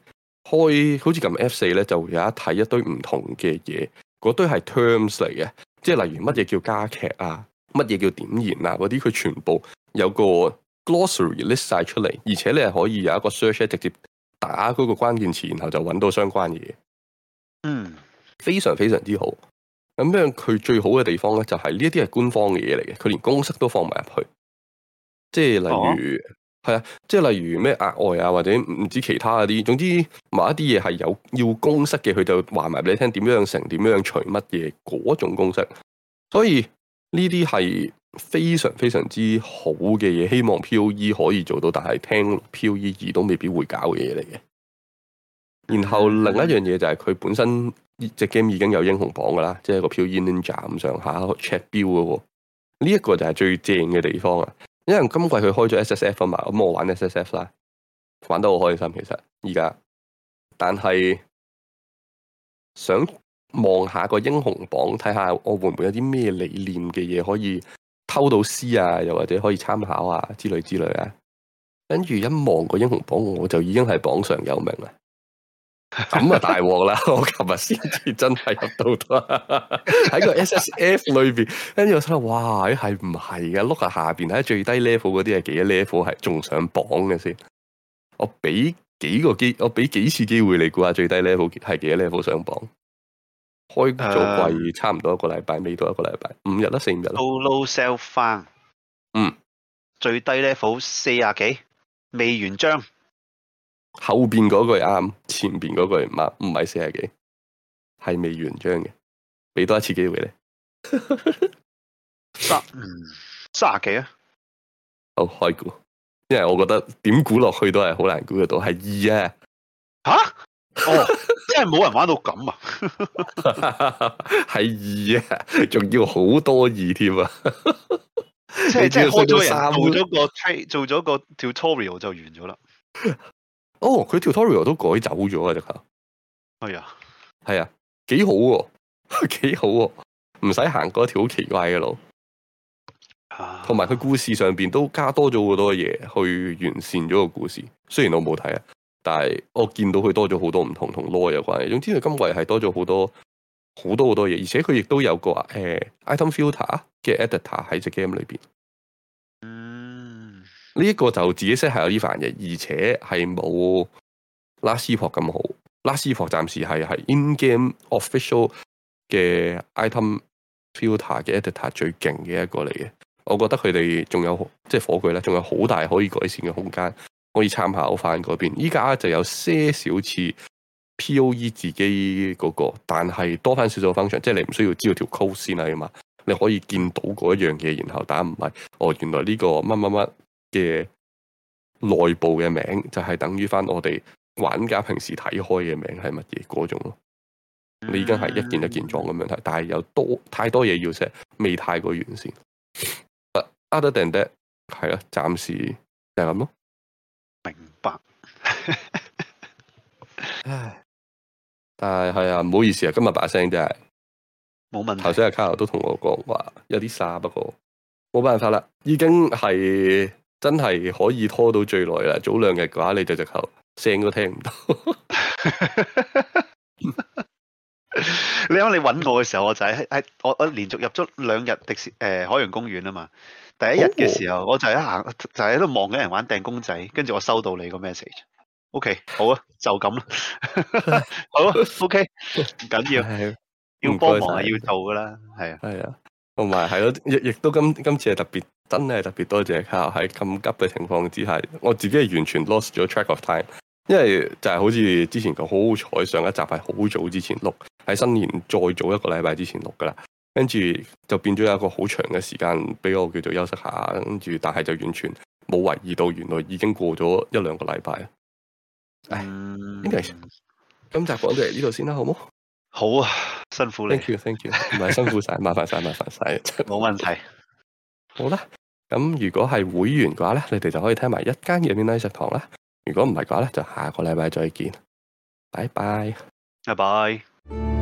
Speaker 1: 開好似撳 F 四咧，就會有一睇一堆唔同嘅嘢。嗰堆係 terms 嚟嘅，即係例如乜嘢叫加劇啊，乜嘢叫點燃啊，嗰啲佢全部有個 glossary list 晒出嚟，而且你係可以有一個 search，直接打嗰個關鍵詞，然後就揾到相關嘢。嗯，非常非常之好。咁樣佢最好嘅地方咧，就係呢一啲係官方嘅嘢嚟嘅，佢連公式都放埋入去。即係例如係啊，啊，即係例如咩額外啊，或者唔知其他嗰啲，總之某一啲嘢係有要公式嘅，佢就話埋俾你聽，點樣成，點樣除乜嘢嗰種公式。所以呢啲係非常非常之好嘅嘢，希望 POE 可以做到，但係聽 POE 二都未必會搞嘅嘢嚟嘅。然後另一樣嘢就係佢本身。呢隻 game 已經有英雄榜噶啦，即係個 POE Ninja 咁上下 check 表噶喎，呢、這、一個就係最正嘅地方啊！因為今季佢開咗 SSF 嘛，咁我玩 SSF 啦，玩得好開心其實而家，但係想望下個英雄榜，睇下我會唔會有啲咩理念嘅嘢可以偷到師啊，又或者可以參考啊之類之類啊，跟住一望個英雄榜，我就已經係榜上有名啦。咁啊，大鑊啦！我琴日先至真係入到到喺個 SSF 裏邊，跟住我心諗，哇，呢係唔係嘅？look 下下邊，睇下最低 level 嗰啲係幾多 level 係仲上榜嘅先。我俾幾個機，我俾幾次機會你估下最低 level 係幾多 level 上榜？開咗季差唔多一個禮拜，未到一個禮拜，五日啦，四五日啦。
Speaker 2: 到 Low s a l e f 翻嗯，
Speaker 1: 最
Speaker 2: 低 level 四啊幾，
Speaker 1: 未完章。後邊嗰句啱，前邊嗰句唔啱，唔係四十幾，係未完章嘅，俾多一次機會咧，三，三十幾啊，好、哦、開估，因為我覺得點估落去都係好難估得到，係二啊，吓、 [LAUGHS] 啊，
Speaker 3: 哦，即
Speaker 1: 係冇人玩到咁啊，係 [LAUGHS] 二 [LAUGHS] 啊，仲要好多二添啊，
Speaker 3: [LAUGHS] 即係即係開咗人做咗個
Speaker 2: t 做咗個 tutorial 就完咗啦。 [LAUGHS]
Speaker 1: 哦，佢 tutorial 都改走咗，哎，啊！直頭，
Speaker 3: 係啊，
Speaker 1: 係啊，幾好喎，幾好喎，唔使行嗰條好奇怪嘅路，同埋佢故事上邊都加多咗好多嘢，去完善咗個故事。雖然我冇睇啊，但係我見到佢多咗好多唔同同 law 嘅關係。總之佢今季係多咗好多好多好多嘢，而且佢亦都有個誒，欸，item filter 嘅 editor 喺隻 game 裏邊。呢、這、一個就自己識係有呢份嘅，而且係冇拉斯博咁好。拉斯博 t s h o 暫時係 in game official 嘅 item filter 嘅 editor 最勁嘅一個嚟嘅。我覺得佢哋仲有即係火炬咧，仲有好大可以改善嘅空間，可以參考翻嗰邊。依家就有些少似 P.O.E 自己嗰、那個，但係多翻少少 function，即係你唔需要知道條 call 先啦嘛。你可以見到嗰一樣嘢，然後打唔係哦，原來呢個乜乜乜。嘅內部嘅名就係、是、等於翻我哋玩家平時睇開嘅名係乜嘢嗰種咯，你已經係一件一件裝咁樣睇，但係有多太多嘢要寫，未太過完善。But other than that 係咯，暫、啊、時就係咁咯。明白。
Speaker 3: [LAUGHS]
Speaker 1: 但係係啊，唔、哎、好意思啊，今日把聲真係，冇問題。頭先阿 Carl 都同我講話有啲沙，不過冇辦法啦，已經係。真係可以拖到最耐啦！早兩日嘅話，你就直頭聲都聽唔到。 [LAUGHS] [LAUGHS] 你諗你揾我嘅時候，我就喺、是、喺
Speaker 2: 我我連續入咗兩日迪士誒海洋公園啊嘛。第一日嘅時候，哦、我就喺一行就喺度望緊人玩掟公仔，跟住我收到你個 message。OK，好啊， [LAUGHS] 就咁樣啦。
Speaker 1: [LAUGHS] 好、啊、 [LAUGHS] ，OK，唔緊關 [LAUGHS] 要幫忙，要幫忙要做噶啦，係啊，係啊。同埋係咯，亦亦都今今次係特別，真係特別多謝 Carl。喺咁急嘅情況之下，我自己係完全 lost 咗 track of time，因為就係好似之前講好彩上一集係好早之前錄，喺新年再早一個禮拜之前錄噶啦，跟住就變咗有一個好長嘅時間俾我叫做休息下，跟住但係就完全冇懷疑到原來已經過咗一兩個禮拜。唉，呢、
Speaker 3: mm-hmm. 個今，
Speaker 1: 今集講到嚟呢度先啦，好冇？好啊，辛苦你啦，thank you，thank you，唔 thank 係辛苦晒， [LAUGHS] 麻煩晒，麻煩晒，冇問題，好啦，咁如果係會員嘅話咧，你哋就可以聽埋一間嘅面奶食堂啦。如果唔係嘅話咧，就下個禮拜再見，拜拜，拜拜。